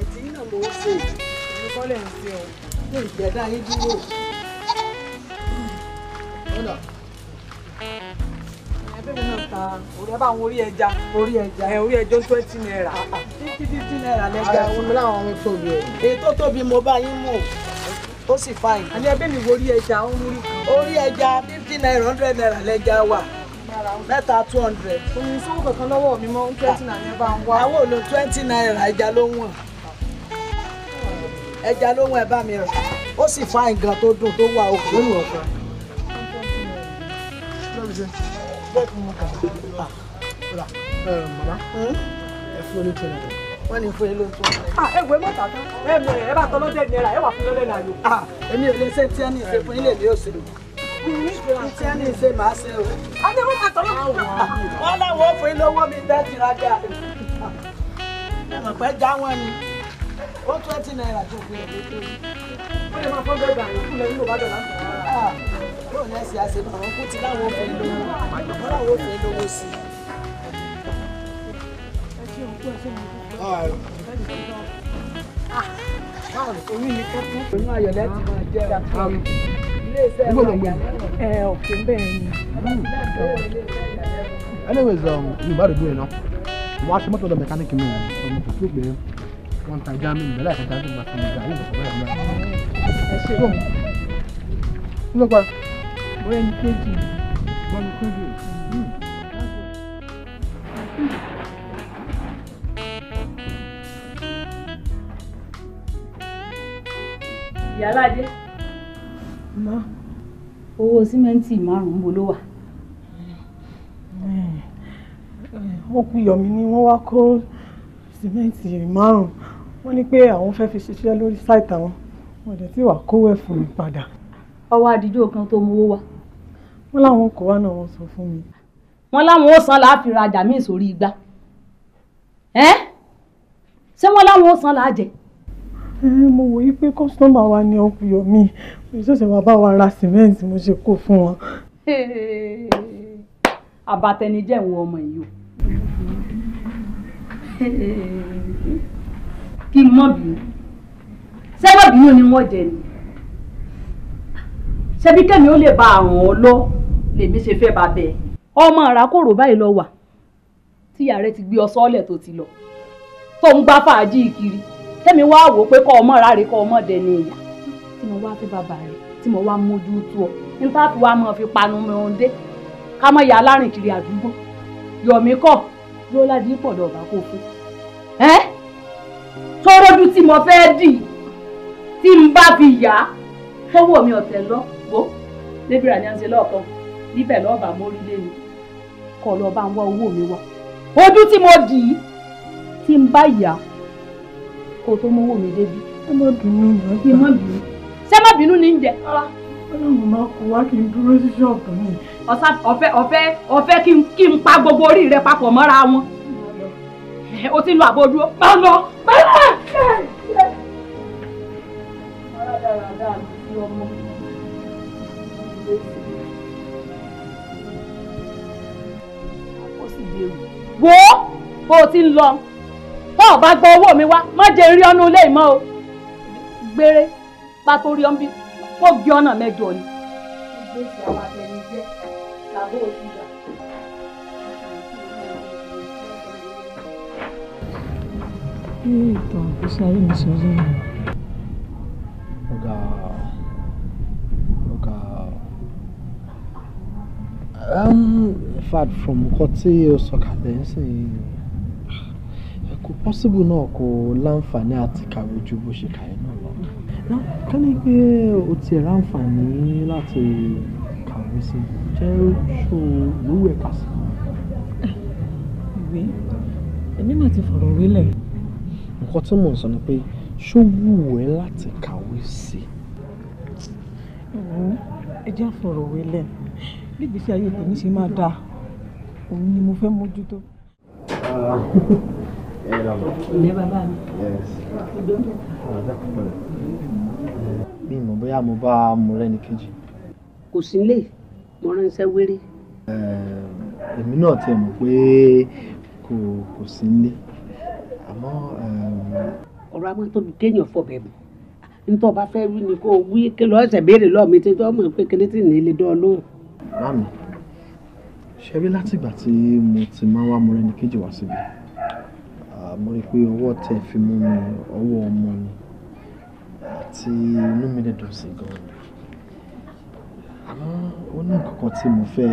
ètí yìí náà mò ń ṣe èmi kọ́ lè ń ṣe o kí n jẹ́ dá yín dúró. ọ̀nà ẹgbẹ́ mi náà ta orí ẹ bá àwọn orí ẹja orí ẹja ẹ orí ẹjọ́ twenty naira fifty fifty naira lẹ́gbẹ̀ẹ́. ara ìwọ̀n mi láwọn ohun tóbi ẹ̀. èyí tó tóbi mo bá yín mú ó sì fàyè. àní ẹgbẹ́ mi wo orí ẹja ń rí. orí ẹja fifty naira hundred naira lẹ́ja wà mẹ́ta two hundred. oyin sanwó kankan lọ́wọ́ mi mọ́ twenty naira bá ń wá. àwọn ò twenty naira ẹja ló wọ̀n ẹja ló wọ̀n ẹ bá mi rà ó sì fa nǹkan tó dùn tó wà òkè. lórí ọ̀fẹ́ wọ́n ní fún ilé tó ń bẹ̀. ẹ gbé mọ́tà tán ẹ bẹ̀rẹ̀ ẹ bá tọ́lọ́dẹ̀ náírà ẹ wà fún lọ́lẹ̀ náà yòó. èmi ò lè ṣe tí wọ́n ní ìṣe fún ilé mi ò sí lò tí ẹni ṣe máa ṣe o. a ní wọn kàtọ́ lọ́wọ́ wọn láwọn òfin lówó mi bẹ́ẹ̀ ti rajà ẹ̀mọ̀ pẹ́ já wọn ni ó twenty naira tó fi ẹ̀ lóko yìí. ó lè máa fọ́ bẹ́ẹ̀ gbà yín lẹ́yìn ló bá dọ̀ láti rà á. yóò ní ẹsẹ̀ àṣẹ àwọn kú ti láwọn òfin lówó wọn láwọn òfin lówó sí i. Báwo ni orí mi kẹ́kọ̀ọ́? Oyún ayọ̀lẹ́ ti máa jẹ́ ìyàtọ̀. Hmm. Anyways, um, you better do it now. ẹ òkè bẹ́ẹ̀ ni. anyways yorùbá rẹ̀ dúró iná wọ́n á ṣe mọ́tò ọ̀dọ̀ mẹkáníìkì mi ọmọ kò tó pé wọ́n ta ajá mi ìbẹ̀lẹ̀ àkàtà àti ìgbàkan ìgbà yóò bọ̀ bẹ́ẹ̀ náà. ẹ ṣe bọ́ ń lọ pa. bóyá ní kéjì bóyá ní kéjì. Hmm. ìyá aládé owó símẹ́ǹtì márùn-ún mo ló wà. wọ́n kú yọ̀mí ni wọ́n wá kó símẹ́ǹtì márùn-ún wọ́n ní pé àwọn fẹ́ fi ṣiṣẹ́ lórí sáìtì àwọn wọ́n dẹ̀ tí wàá kówó ẹ̀ fún mi padà. ọwọ́ àdìjọ́ kan tó mowó wá. wọ́n láwọn kò wá náà wọ́n sọ fún mi. wọ́n láwọn ó san láàfin rajà míì sórí igbá. ṣé wọ́n láwọn ó san láàjẹ. mo wòye pé kọ́sítọ́mà wa ni ọkùnrin mi ìṣẹ̀ṣẹ̀ wàá bá wa ra sìmẹ́ǹtì mo ṣe kó fún wọn. abatẹnijẹ́ ìwọ ọmọ yìí o kí n mọ̀ bínú sẹ́wọ̀n bínú ni wọ́n jẹ ni ṣebí kẹ́mi ó lè ba àrùn ọ lọ lèmi ṣe fẹ́ bá bẹ́ẹ̀. ọmọ àràkòrò báyìí lọ wà tíyà rẹ ti gbé ọ sọ́ọ̀lẹ̀ tó ti lọ tó ń gbá fàájì kiri kẹ́mi wá wò ó pé kọ́ ọmọ rárẹ̀ kọ́ ọmọ dẹ̀ ni ìyá tí mo wá fẹ́ bàbá rẹ̀ tí mo wá mójú tó ọ ní tá a fi wá mọ̀ fi panu mẹ́rin dé ká mọ̀ yà alárìn kiri àdúgbò yọ̀mí kọ̀ yóò láti yí pọ̀dọ̀ ọ̀bá kó fún ẹ́ tọ́rọ́dún tí mo fẹ́ dì tí n bá fi yá tọ́wọ́ mi ọ̀tẹ̀ lọ gbó lébìrà ni à ń ṣe lọ́ọ̀kan níbẹ̀ lọ́ọ̀bà mórí lé mi kọ́ lọ́ọ́ ń wá owó mi wá ojú tí mo dì í tí n bá yá kó tó mówó mi débi. ọmọ bìnrin ọmọ bìnrin ṣé má bínú ní jẹ. ọlọ́run máa kó wá kí n dúró sí ṣọ́ọ̀bù mi. ọ̀fẹ́ ọ̀fẹ́ ọ̀fẹ́ kí n pa gbogbo orí rẹ papọ̀ mọ́ra wọn. o ti lo àbò dúró bá lọ bá lọ. wo bó o ti ń lọ tó o bá gbọ́ owó mi wá má jẹ́ rí ọ́nú ilé ìmọ̀ o gbére bá tó rí ọ́n bí kó gbé ọ̀nà mẹ́jọ ni. ìgbésí ìtàn ìgbésí ayé mi sọ lónìí. ọ̀gá ọ̀gá um, fad from nǹkan tí o sọ kalẹ̀ ń sìn kò possible náà kò láǹfààní àti kàwé ju bó ṣe kàwé náà lọ ká ní pé o tiẹ̀ ráǹfààní láti kàwé sí i jẹ́ oṣù ìlúwẹ̀ kà sí. ìwé èmi náà ti fọ̀rọ̀ wélẹ̀. nǹkan tí mò ń sọ ni pé ṣó wù ẹ́ láti kàwé sí i. ẹ jẹ́ àfọ̀rọ̀ wélẹ̀ bí ìgbésí ayé tèmi ṣe máa dáa òun ni mo fẹ́ mójútó. ẹ ah, ẹ lọ. ilé bàbá mi. ẹ ẹ dákúrò mi mọ̀ bóyá mo bá mo rẹ́ni kejì. kò sí lè mo ránṣẹ́ wéré. èmi náà tiẹ̀ mọ̀ pé kò kò sí nílé àmọ́. ọ̀rọ̀ a máa tóbi téèyàn fọ̀bẹ̀ mọ́ nítorí ọba fẹ́ wí ni kó o wí kí lọ́ọ́ ẹ̀sẹ̀ béèrè lọ́ọ̀ mi tí tó mọ̀ pé kí ní tì ní ilé dán lóhùn. Mami, ṣe rí látìgbà tí mo ti máa wá Mọ́rẹ́nikejì wá síbi, mo rí i pé ọwọ́ tẹ̀ fi mú mi ọwọ́ ọmọ ni tí inú mi dẹ̀ dùn sí gan ni. Àmọ́ ó ní nǹkan kan tí mo fẹ́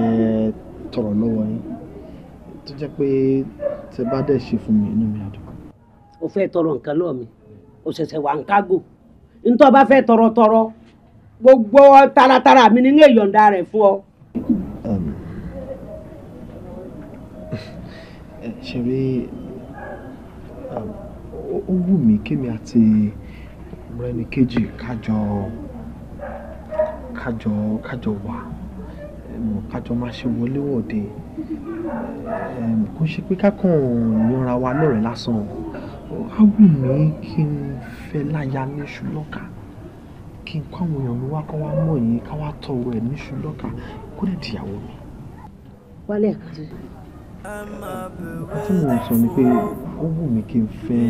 tọrọ lọ́wọ́ yín tó jẹ́ pé tẹ bá dẹ̀ ṣe fún mi inú mi á O fẹ́ tọrọ nǹkan lọ́wọ́ mi, o ṣẹ̀ṣẹ̀ wà ń kágò. Ntọ́ bá fẹ́ tọrọ tọrọ, gbogbo taratara mi ni ń yọ̀ǹda rẹ̀ fún ọ. Ṣé rí ó wù mí kémi àti ọ̀rọ̀ ẹni kejì kájọ kájọ kájọ wà kájọ máa ṣe wọléwọ̀de kò ṣe pé kákan yanra wa lọ́rẹ̀ lásán á wù mí kí n fẹ́ láya níṣu lọ́ka kí n kó àwọn èèyàn mi wá kó wá mọ̀ yìí ká wá tọrọ ẹ̀ níṣu lọ́ka kó lè dìyàwó mi. wálé àkàtúntò. nǹkan tí mò sọ ni pé ó wù mí kí n fẹ́.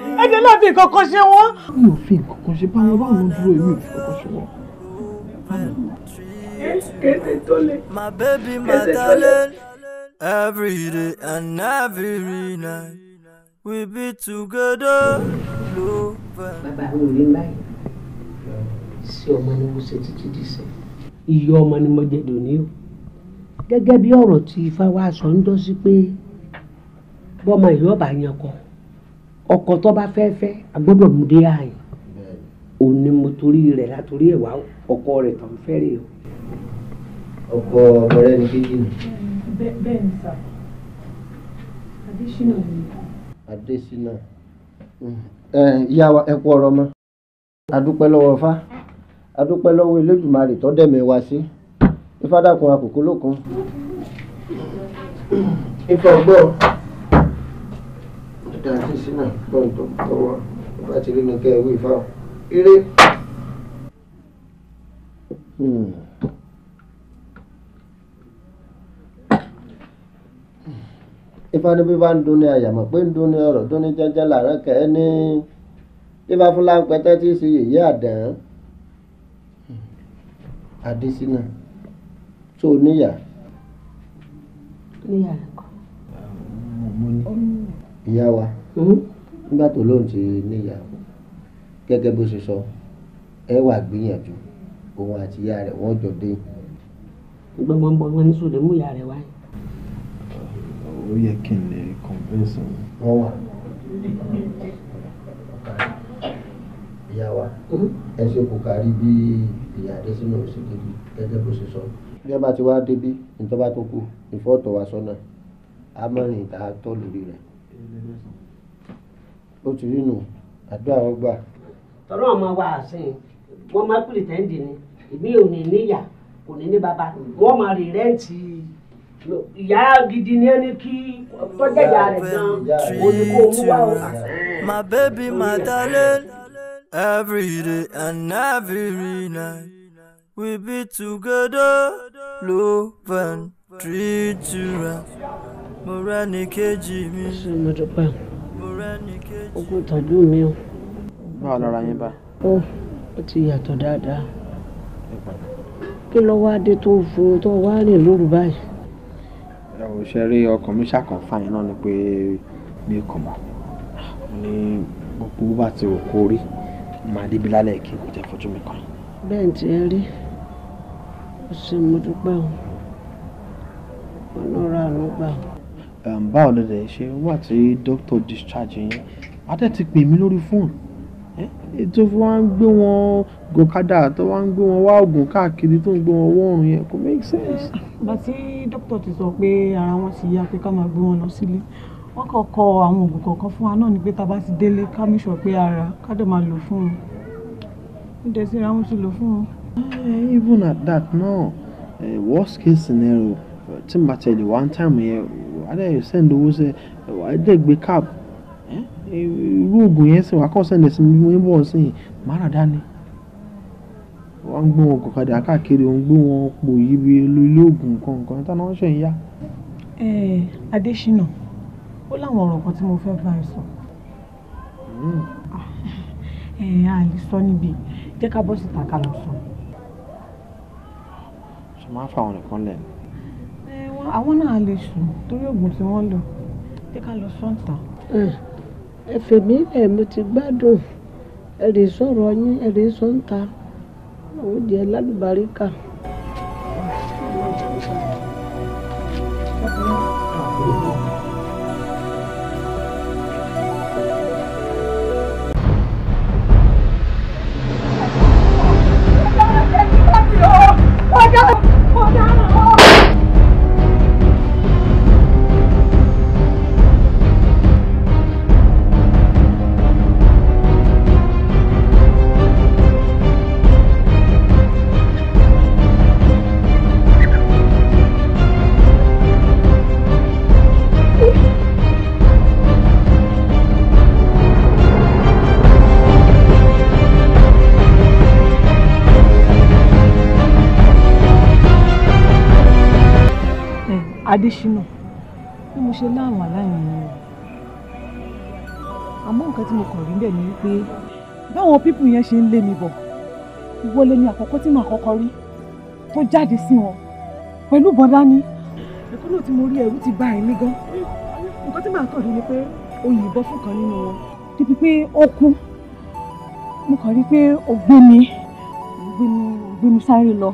náà fi kankan ṣe wọ́n. mi ò fi kankan ṣe báwọn báwọn dúró èmi ò fi kankan ṣe wọ́n. kẹsẹ̀ tó lè kẹsẹ̀ tó lè. Every day and every night we be together. Bàbá mi ò rí báyìí. Sí ọmọ ni mo ṣe títí dìṣẹ́. Ìyá ọmọ ni mo jẹ dòní o. Gẹ́gẹ́ bí ọ̀rọ̀ tí ifá wa sọ ń dọ́sí pé bọ́mọ ìyá ọ̀bà yẹn kọ́ ọkọ tó bá fẹ́ fẹ́ agbọ́dọ̀ mú dé àyìn òní mo torí rẹ̀ látòrí ẹ̀ wá ọkọ rẹ̀ tó ń fẹ́ rè o. ọkọ ọ̀rẹ́ ni kéjì ni. bẹ́ẹ̀ ni sà adésínà ni. adésínà mm. ìyá wa ẹ kú ọ̀rọ̀ mọ́ adúpẹ́ lọ́wọ́ fá adúpẹ́ lọ́wọ́ elédùnmarè tó dẹ̀mí wa sí ifádàkùn àkókò lókun. ifá ọgbọ́n dá sí sínú gbọ́n tó gbọ́ wá bá ti rí ni kẹ́ ẹ wí fáwọn. ire. Hmm. ifá ni bí bá ń dunni àyàmọ̀ pé ń dunni ọ̀rọ̀ dunni jẹ́jẹ́ làárọ̀ kẹ́ ẹ ní ifá fúnlá pẹ́tẹ́ tí í àdán adésínà tó níyà. níyà rẹ̀ kọ́ ìyá wa mm-hmm. nígbà tó lóun ti níyà gẹ́gẹ́ bó ṣe sọ ẹ wà gbìyànjú òun àti ìyá rẹ̀ wọ́n jọ dé. gbọ́ngbọ́n bọ́ wọn ní sùn lè mú ìyá rẹ̀ wáyé. ó yẹ kí n lè convince wọn. wọ́n wà ìyá wa ẹ ṣe kò kárí bí ìyá adésínà ò ṣe gẹ́gẹ́ bó ṣe sọ. bí ẹ bá ti wá débi ìjọba tó kù ìfọ́tò wa sọ́nà á mọ̀rìn ìta tó lórí rẹ̀ ó ti rí nù àdúrà wọn gbà. ọmọ wa àsìn wọ́n máa pìrìtẹ́ǹdì ni èmi ò ní níyà kò ní ní bàbá wọ́n máa rí rẹ́ǹtì ìyá gidi ni ẹni kí tọ́jà ìyá rẹ̀ gan òní kò mú wá o. my baby my darling every day and every night we be together love and treat you right mo rẹ́ni kejì mi. ó sì mo dúpẹ́ ogún ìtọ́jú mi o. báwo lọ́ra yín bá. ó ó ti yàtọ̀ dáadáa kí ló wá dé tó fo tó wá rìn lóru báyìí. ẹ ò ṣe rí ọkàn mi ṣàkànfàyàn náà ni pé mi kò mọ̀ ní gbogbo bá ti rò kó rí máa débi lálẹ́ kí kò tẹ́ fojú mi kàn. bẹ́ẹ̀ ni ẹ rí ó sì mo dúpẹ́ o ọlọ́run àánú gbà o báwo lè dẹ̀ ṣe wà tí dókítà discharge yín wà á dẹ̀ ti pè mí lórí fóònù tó fi wá ń gbé wọn gòkadà tó wá ń gbé wọn wá oògùn káàkiri tó ń gbé wọn wọ́ọ̀rùn yẹn kò make sense. ìgbà tí dókítà ti sọ pé ara wọn ti yá pé ká máa gbé wọn lọ sílé wọn kàn kọ àwọn oògùn kọ̀ọ̀kan fún wa náà ni pé tá ti délé ká pé ara ká máa lò fún un níjẹ́ sí ra wọn ti lò fún un. Eh, even at that náà no. Eh, worst case scenario tí màtẹ̀lẹ̀ one time yẹn adé send owó sẹ adé gbé cab irú oògùn yẹn sẹ send ẹ̀sìn mara dani wọn kọ̀kadà káàkiri òun gbé wọn pò yí bí ilé oògùn nǹkan nǹkan táwọn ń ṣe ń Adésínà ó tí mo fẹ́ bá ẹ hmm. a lè sọ níbi jẹ́ ká bọ́ síta ká sọ. ṣe máa fa àwọn nìkan lẹ́nu. àwọn náà lè sùn torí oògùn tí wọ́n lò pé ká lọ sọ́ǹtà. ẹ̀fẹ̀ mi ẹ̀ mo ti gbádùn ẹ̀ lè sọ̀rọ̀ yín ẹ̀ lè sọ́ǹtà oúnjẹ lálùbáríkà. ṣe láwọn aláìní o àmọ́ nǹkan tí mo kàn rí bẹ́ẹ̀ ni pé báwọn pípù yẹn ṣe ń lé mi bọ̀ ìwọlé ni àkọ́kọ́ tí màá kọ́kọ́ rí tó jáde sí wọn pẹ̀lú bọ́dá ni ẹ̀kọ́ náà tí mo rí ẹ̀rù ti bà ẹ̀mí gan nǹkan tí màá kàn rí ni pé o yìnbọn fún kan nínú wọn débi pé ó kú mo kàn rí pé ó gbé mi ó gbé mi ó gbé mi sáré lọ.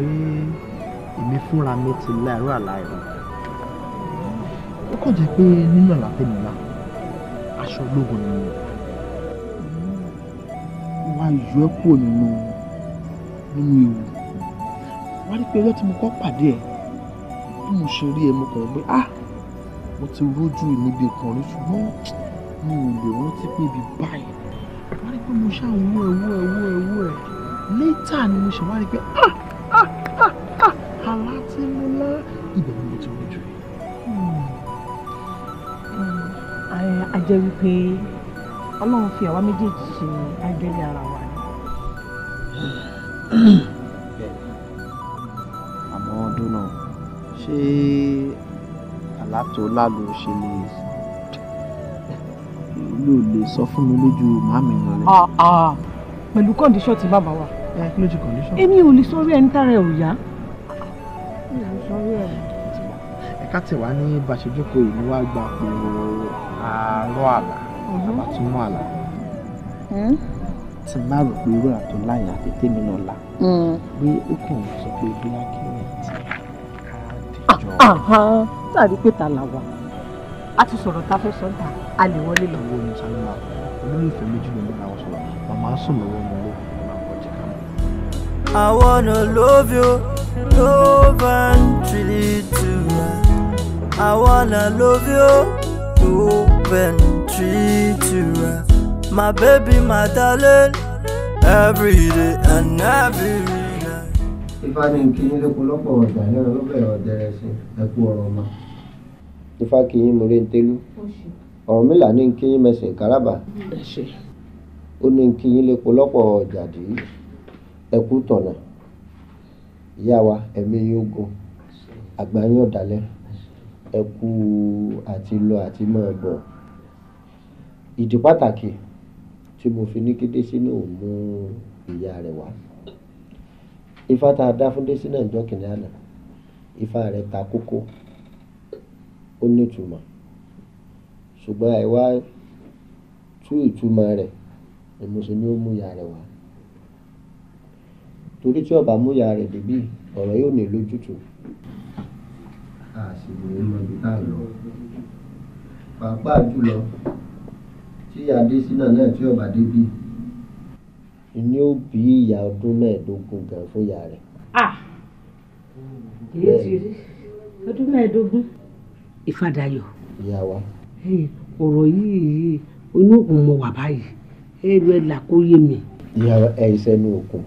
pé èmi fúnra mi ti láìrú àlá ẹ̀rọ ó kàn jẹ́ pé nínú àlá tèmi la aṣọ ológun ni wá yọ ẹ́ kúrò nínú nínú ewu wá rí pé ọjọ́ tí mo kọ́ pàdé ẹ̀ bí mo ṣe rí ẹ mo kàn pé ah mo ti rójú níbi kan rí ṣùgbọ́n mi ò lè rántí pé ibi báyìí wá rí pé mo ṣàwọ̀ ẹ̀wọ̀ ẹ̀wọ̀ ẹ̀wọ̀ ẹ̀ létà ni mo ṣe wá rí pé jẹ́ wípé ọlọ́run fi àwa méjèèjì ṣe ángẹ́lì ara wa ni. àmọ́ ọdún náà ṣé àlàtò lálo ṣe lè ló lè sọ fún mi lójú màmí mi rẹ. pẹ̀lú kọ́ndíṣọ́ tí bàbá wa. ẹ lójú kọ́ndíṣọ́. èmi ò lè sọrí ẹni tára ẹ ò yá. ẹ ká tẹ̀ ní bàṣẹ́jọ́kọ̀ ìlú wa gba pé o àárọ̀ àlá mhm. àbá tún mú àlá hmm? tí n rò pé irú àtò láyà tètè mi náà la pé hmm. ó kàn sọ pé bóyá kí ni ti àdìjọ. sáàrí pé ta la wà a ti sọ̀rọ̀ ta fẹ́ sọ́ńtà a lè wọlé lọ. owó ni sáré máa olólùfẹ́ méjì ló ń bá wọn sọ̀rọ̀ màmá sùn lọ́wọ́ mi ló máa ń kọjá ká mọ́. I wanna love you, love and treat you. I wanna love you. open tree to rest. My baby, my darling, every day and every night. Ifá ni kí yín lóko lọ́pọ̀ ọ̀dà ẹ̀rọ ló bẹ̀rẹ̀ ọ̀dẹ̀rẹ̀ sí ẹ̀kú ọ̀rọ̀ ọmọ. Ifá kí yín múre ń tẹ́lú. Ọ̀rọ̀ mìlá ní kí yín mẹsẹ̀ káràbà. Ó ní kí yín dì í. wa ẹ̀mí yín ẹ kú àti lọ àti máa bọ̀ ìdí pàtàkì tí mo fi ní kí Désínà ò mú ìyá rẹ̀ wá ifá tá a dá fún Désínà ìjọ kìnìún àná ifá rẹ̀ ta kókó ó nítumọ̀ ṣùgbọ́n àìwá tú ìtumọ̀ rẹ̀ ìmùsùn ni ó mú ìyá rẹ̀ wá torí tí ọba mú ìyá rẹ̀ débí ọ̀rọ̀ yóò ní lójútùú àṣìlè mọ ibi tá à ń lọ pàápàá jùlọ tí adésínà náà tí ọba débi ni ó bí ìyá ọdún mẹ́ẹ̀ẹ́dógún gan fún ìyá rẹ̀. èyí ti rí ọdún mẹ́ẹ̀ẹ́dógún. ìfàdàyọ̀. ìyá wa. ọ̀rọ̀ yìí inú òkun mo wà báyìí ẹ̀rù ẹ̀ là kó yé mi. ìyá ẹ̀ ìṣẹ́nu òkun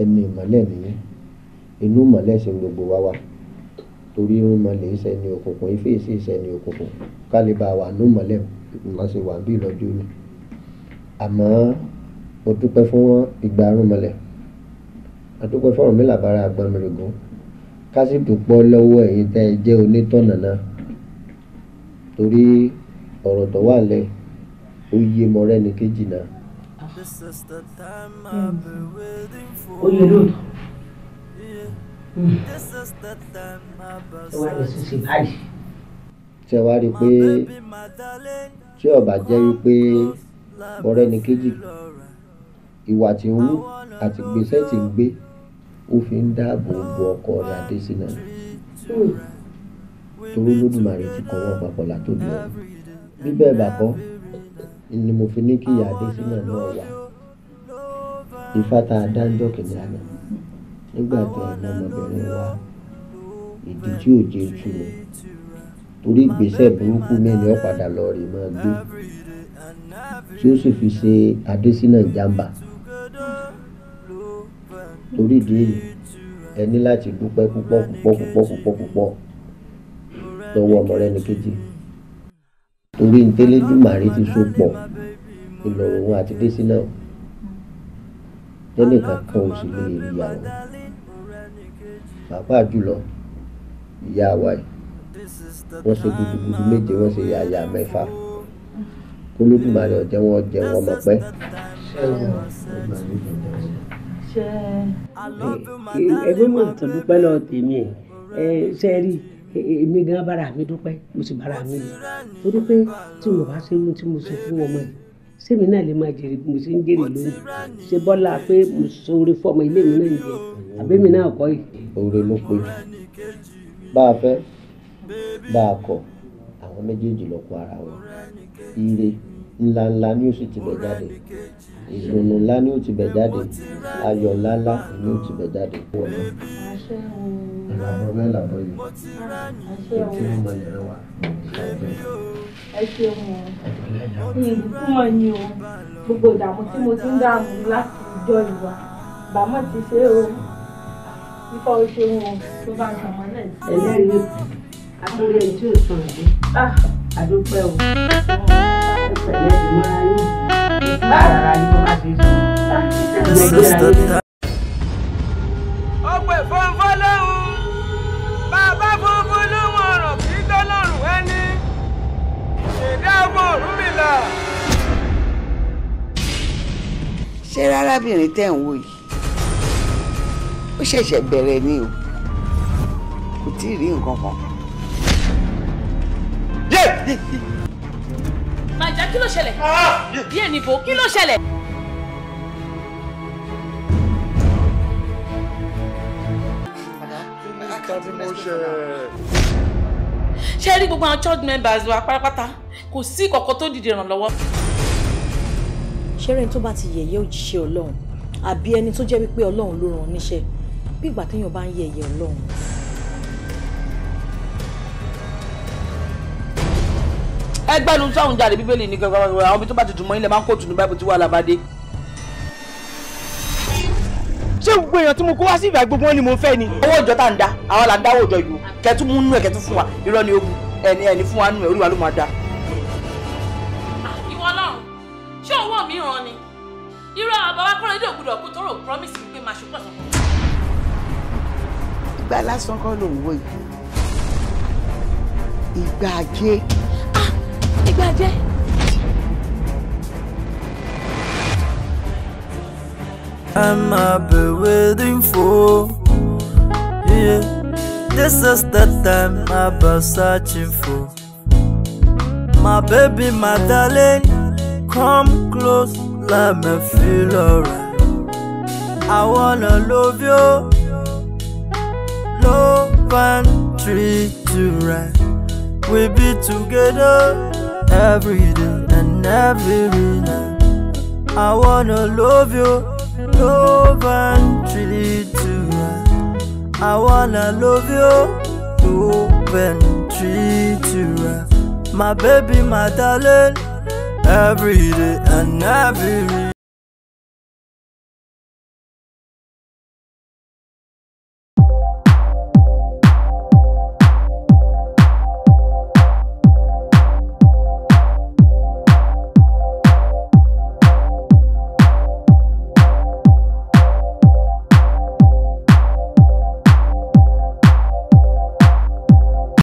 ẹni ìmọ̀lẹ́ nìyẹn inú ìmọ̀lẹ́ ṣe gbogbo wa wa torí irun mọ̀lẹ́ ìṣẹ́ni òkùnkùn ife ìṣe ìṣẹ́ni òkùnkùn kálíbà wà ní mọ̀lẹ́ wọn sì wà bí lọ́jọ́ ni àmọ́ mo dúpẹ́ fún ìgbà irun mọ̀lẹ́ àdúpẹ́ fọ́rọ̀ mi làbára àgbọnmìrìgún ká sì dúpọ́ lọ́wọ́ ẹ̀yin tẹ́ ẹ jẹ́ onítọ̀nà náà torí ọ̀rọ̀ tó wà lẹ̀ ó yé mọ́rẹ́ni kejì náà. ó yẹ lóòótọ́ ẹ wá lè ṣiṣẹ́ báyìí. ṣé wàá rí i pé tí ọba jẹ́ wípé ọ̀rẹ́ ni kejì ìwà tí ń wú àti gbèsè tí ń gbé ó fi ń dáàbò bo ọkọ rẹ̀ Adésínà torí lódùmarè ti kọ́ wọn papọ̀ látòdì ọ̀hún bí bẹ́ẹ̀ bá kọ́ ni mo fi ní kí ìyá Adésínà náà wà ìfá tá a dá nígbà tó ọmọbìnrin wa ìdí tí ò jẹ́ tú ni torí ìgbésẹ̀ burúkú mẹ́ni ó padà lọ rè máa gbé tí ó sì fi ṣe Adésínà ìjàmbá torí ìdí èyí ẹ ní láti dúpẹ́ púpọ̀ púpọ̀ púpọ̀ púpọ̀ púpọ̀ lọ́wọ́ ọmọ rẹ ní kejì torí ntẹ́lẹ́dùmarè ti so pọ̀ ìlọ̀rùn àti Désínà tẹ́lẹ̀ kankan ò sì lè rí àwọn pàápàá jùlọ ìyá wa yìí ṣe gudugudu méje wọ́n ṣe yàyà mẹ́fà kólódùmarè ọ̀jẹ̀ wọn jẹ́ wọn mọ̀ pẹ́. ẹgbẹ́ mọ̀ tó dúpẹ́ lọ tèmi ẹ̀ ṣe èmi gan bára mi dúpẹ́ mo sì bára mi lọ torí pé tí mo bá ṣe mú tí mo ṣe fún ọmọ yìí sẹ́mi náà lè máa jèrè mo ṣe ń jèrè lónìí ṣe bọ́lá pé mo sọ̀rọ̀ fọmọ ilé mi náà ń jẹ àbẹ́mi náà kọ́ yìí. oore ló pe bá a fẹ́ bá a kọ̀ àwọn méjèèjì lọ́pọ̀ ara wọn ire ńláńlá ni ó sì ti bẹ̀ jáde ìdùnnú ńlá ni ó ti bẹ̀ jáde ayọ̀ ńláńlá ni ó ti bẹ̀ jáde kú bẹ́ẹ̀ làbọ̀ yìí ètí ń mọ yẹrẹ wa ẹ ṣeun o ní ìbùkún ni o gbogbo ìdààmú tí mo ti ń dààmú láti ìjọ ìwà bàmọ́ ti ṣe o ifọ̀ o ṣeun o tó bá ń sọmọ náà. ẹlẹ́rìí akúrẹ́ tí ò sàn dé ah. àdúpẹ́ o ẹ̀ṣẹ̀ lẹ́yìn mọ́ra yín ọpẹ́ fọnfọn lọhùn bàbá funfun lóhùn ọ̀rọ̀ kì í tọlọ́run ẹni ìṣẹ̀dá ọmọ Ọ̀rúnmìlà. ṣé rárábìnrin tẹ̀ ń wò yìí ó ṣẹ̀ṣẹ̀ bẹ̀rẹ̀ ni o kò tí ì rí nǹkan kan. yé Màjà kí ló ṣẹlẹ̀? Bí ẹni bo kí ló ṣẹlẹ̀? Ṣé rí gbogbo àwọn church members wa pátápátá kò sí ìkọ̀kọ̀ tó dìde ìrànlọ́wọ́? Ṣé rẹ̀ tó bá ti yẹ̀yẹ́ òjíṣẹ́ Ọlọ́run àbí ẹni tó jẹ́ wípé Ọlọ́run ló ràn níṣẹ́ bí ìgbà téèyàn bá ń yẹ̀yẹ́ Ọlọ́run? ẹgbẹ́nu sọ̀hún jáde bíbélì ní kankan àwọn ibi tó bá ti dùn mọ́ ilẹ̀ máa ń kó tùnú báìbù tí wà lábàdé. ṣé gbogbo èèyàn tí mo kó wá sí ìgbà gbogbo ni mo fẹ́ ni. owó ìjọ tá à ń da àwọn là ń dáwọ́ ìjọ yìí o kẹtù mú nú ẹ kẹtù fún wa irọ́ ni ogun ẹni ẹni fún wa nú ẹ olúwa ló máa da. ìwọ Ọlọ́run ṣé owó mi ràn ni irọ́ àbáwá kọ́ bàjẹ́. I'm I've been waiting for yeah. This is the time I've been searching for My baby, my darling Come close, let me feel alright I wanna love you Love and treat you right We'll be together every day and every night. I wanna love you, love and treat you. Right. I wanna love you, love and treat you. Right. My baby, my darling, every day and every night.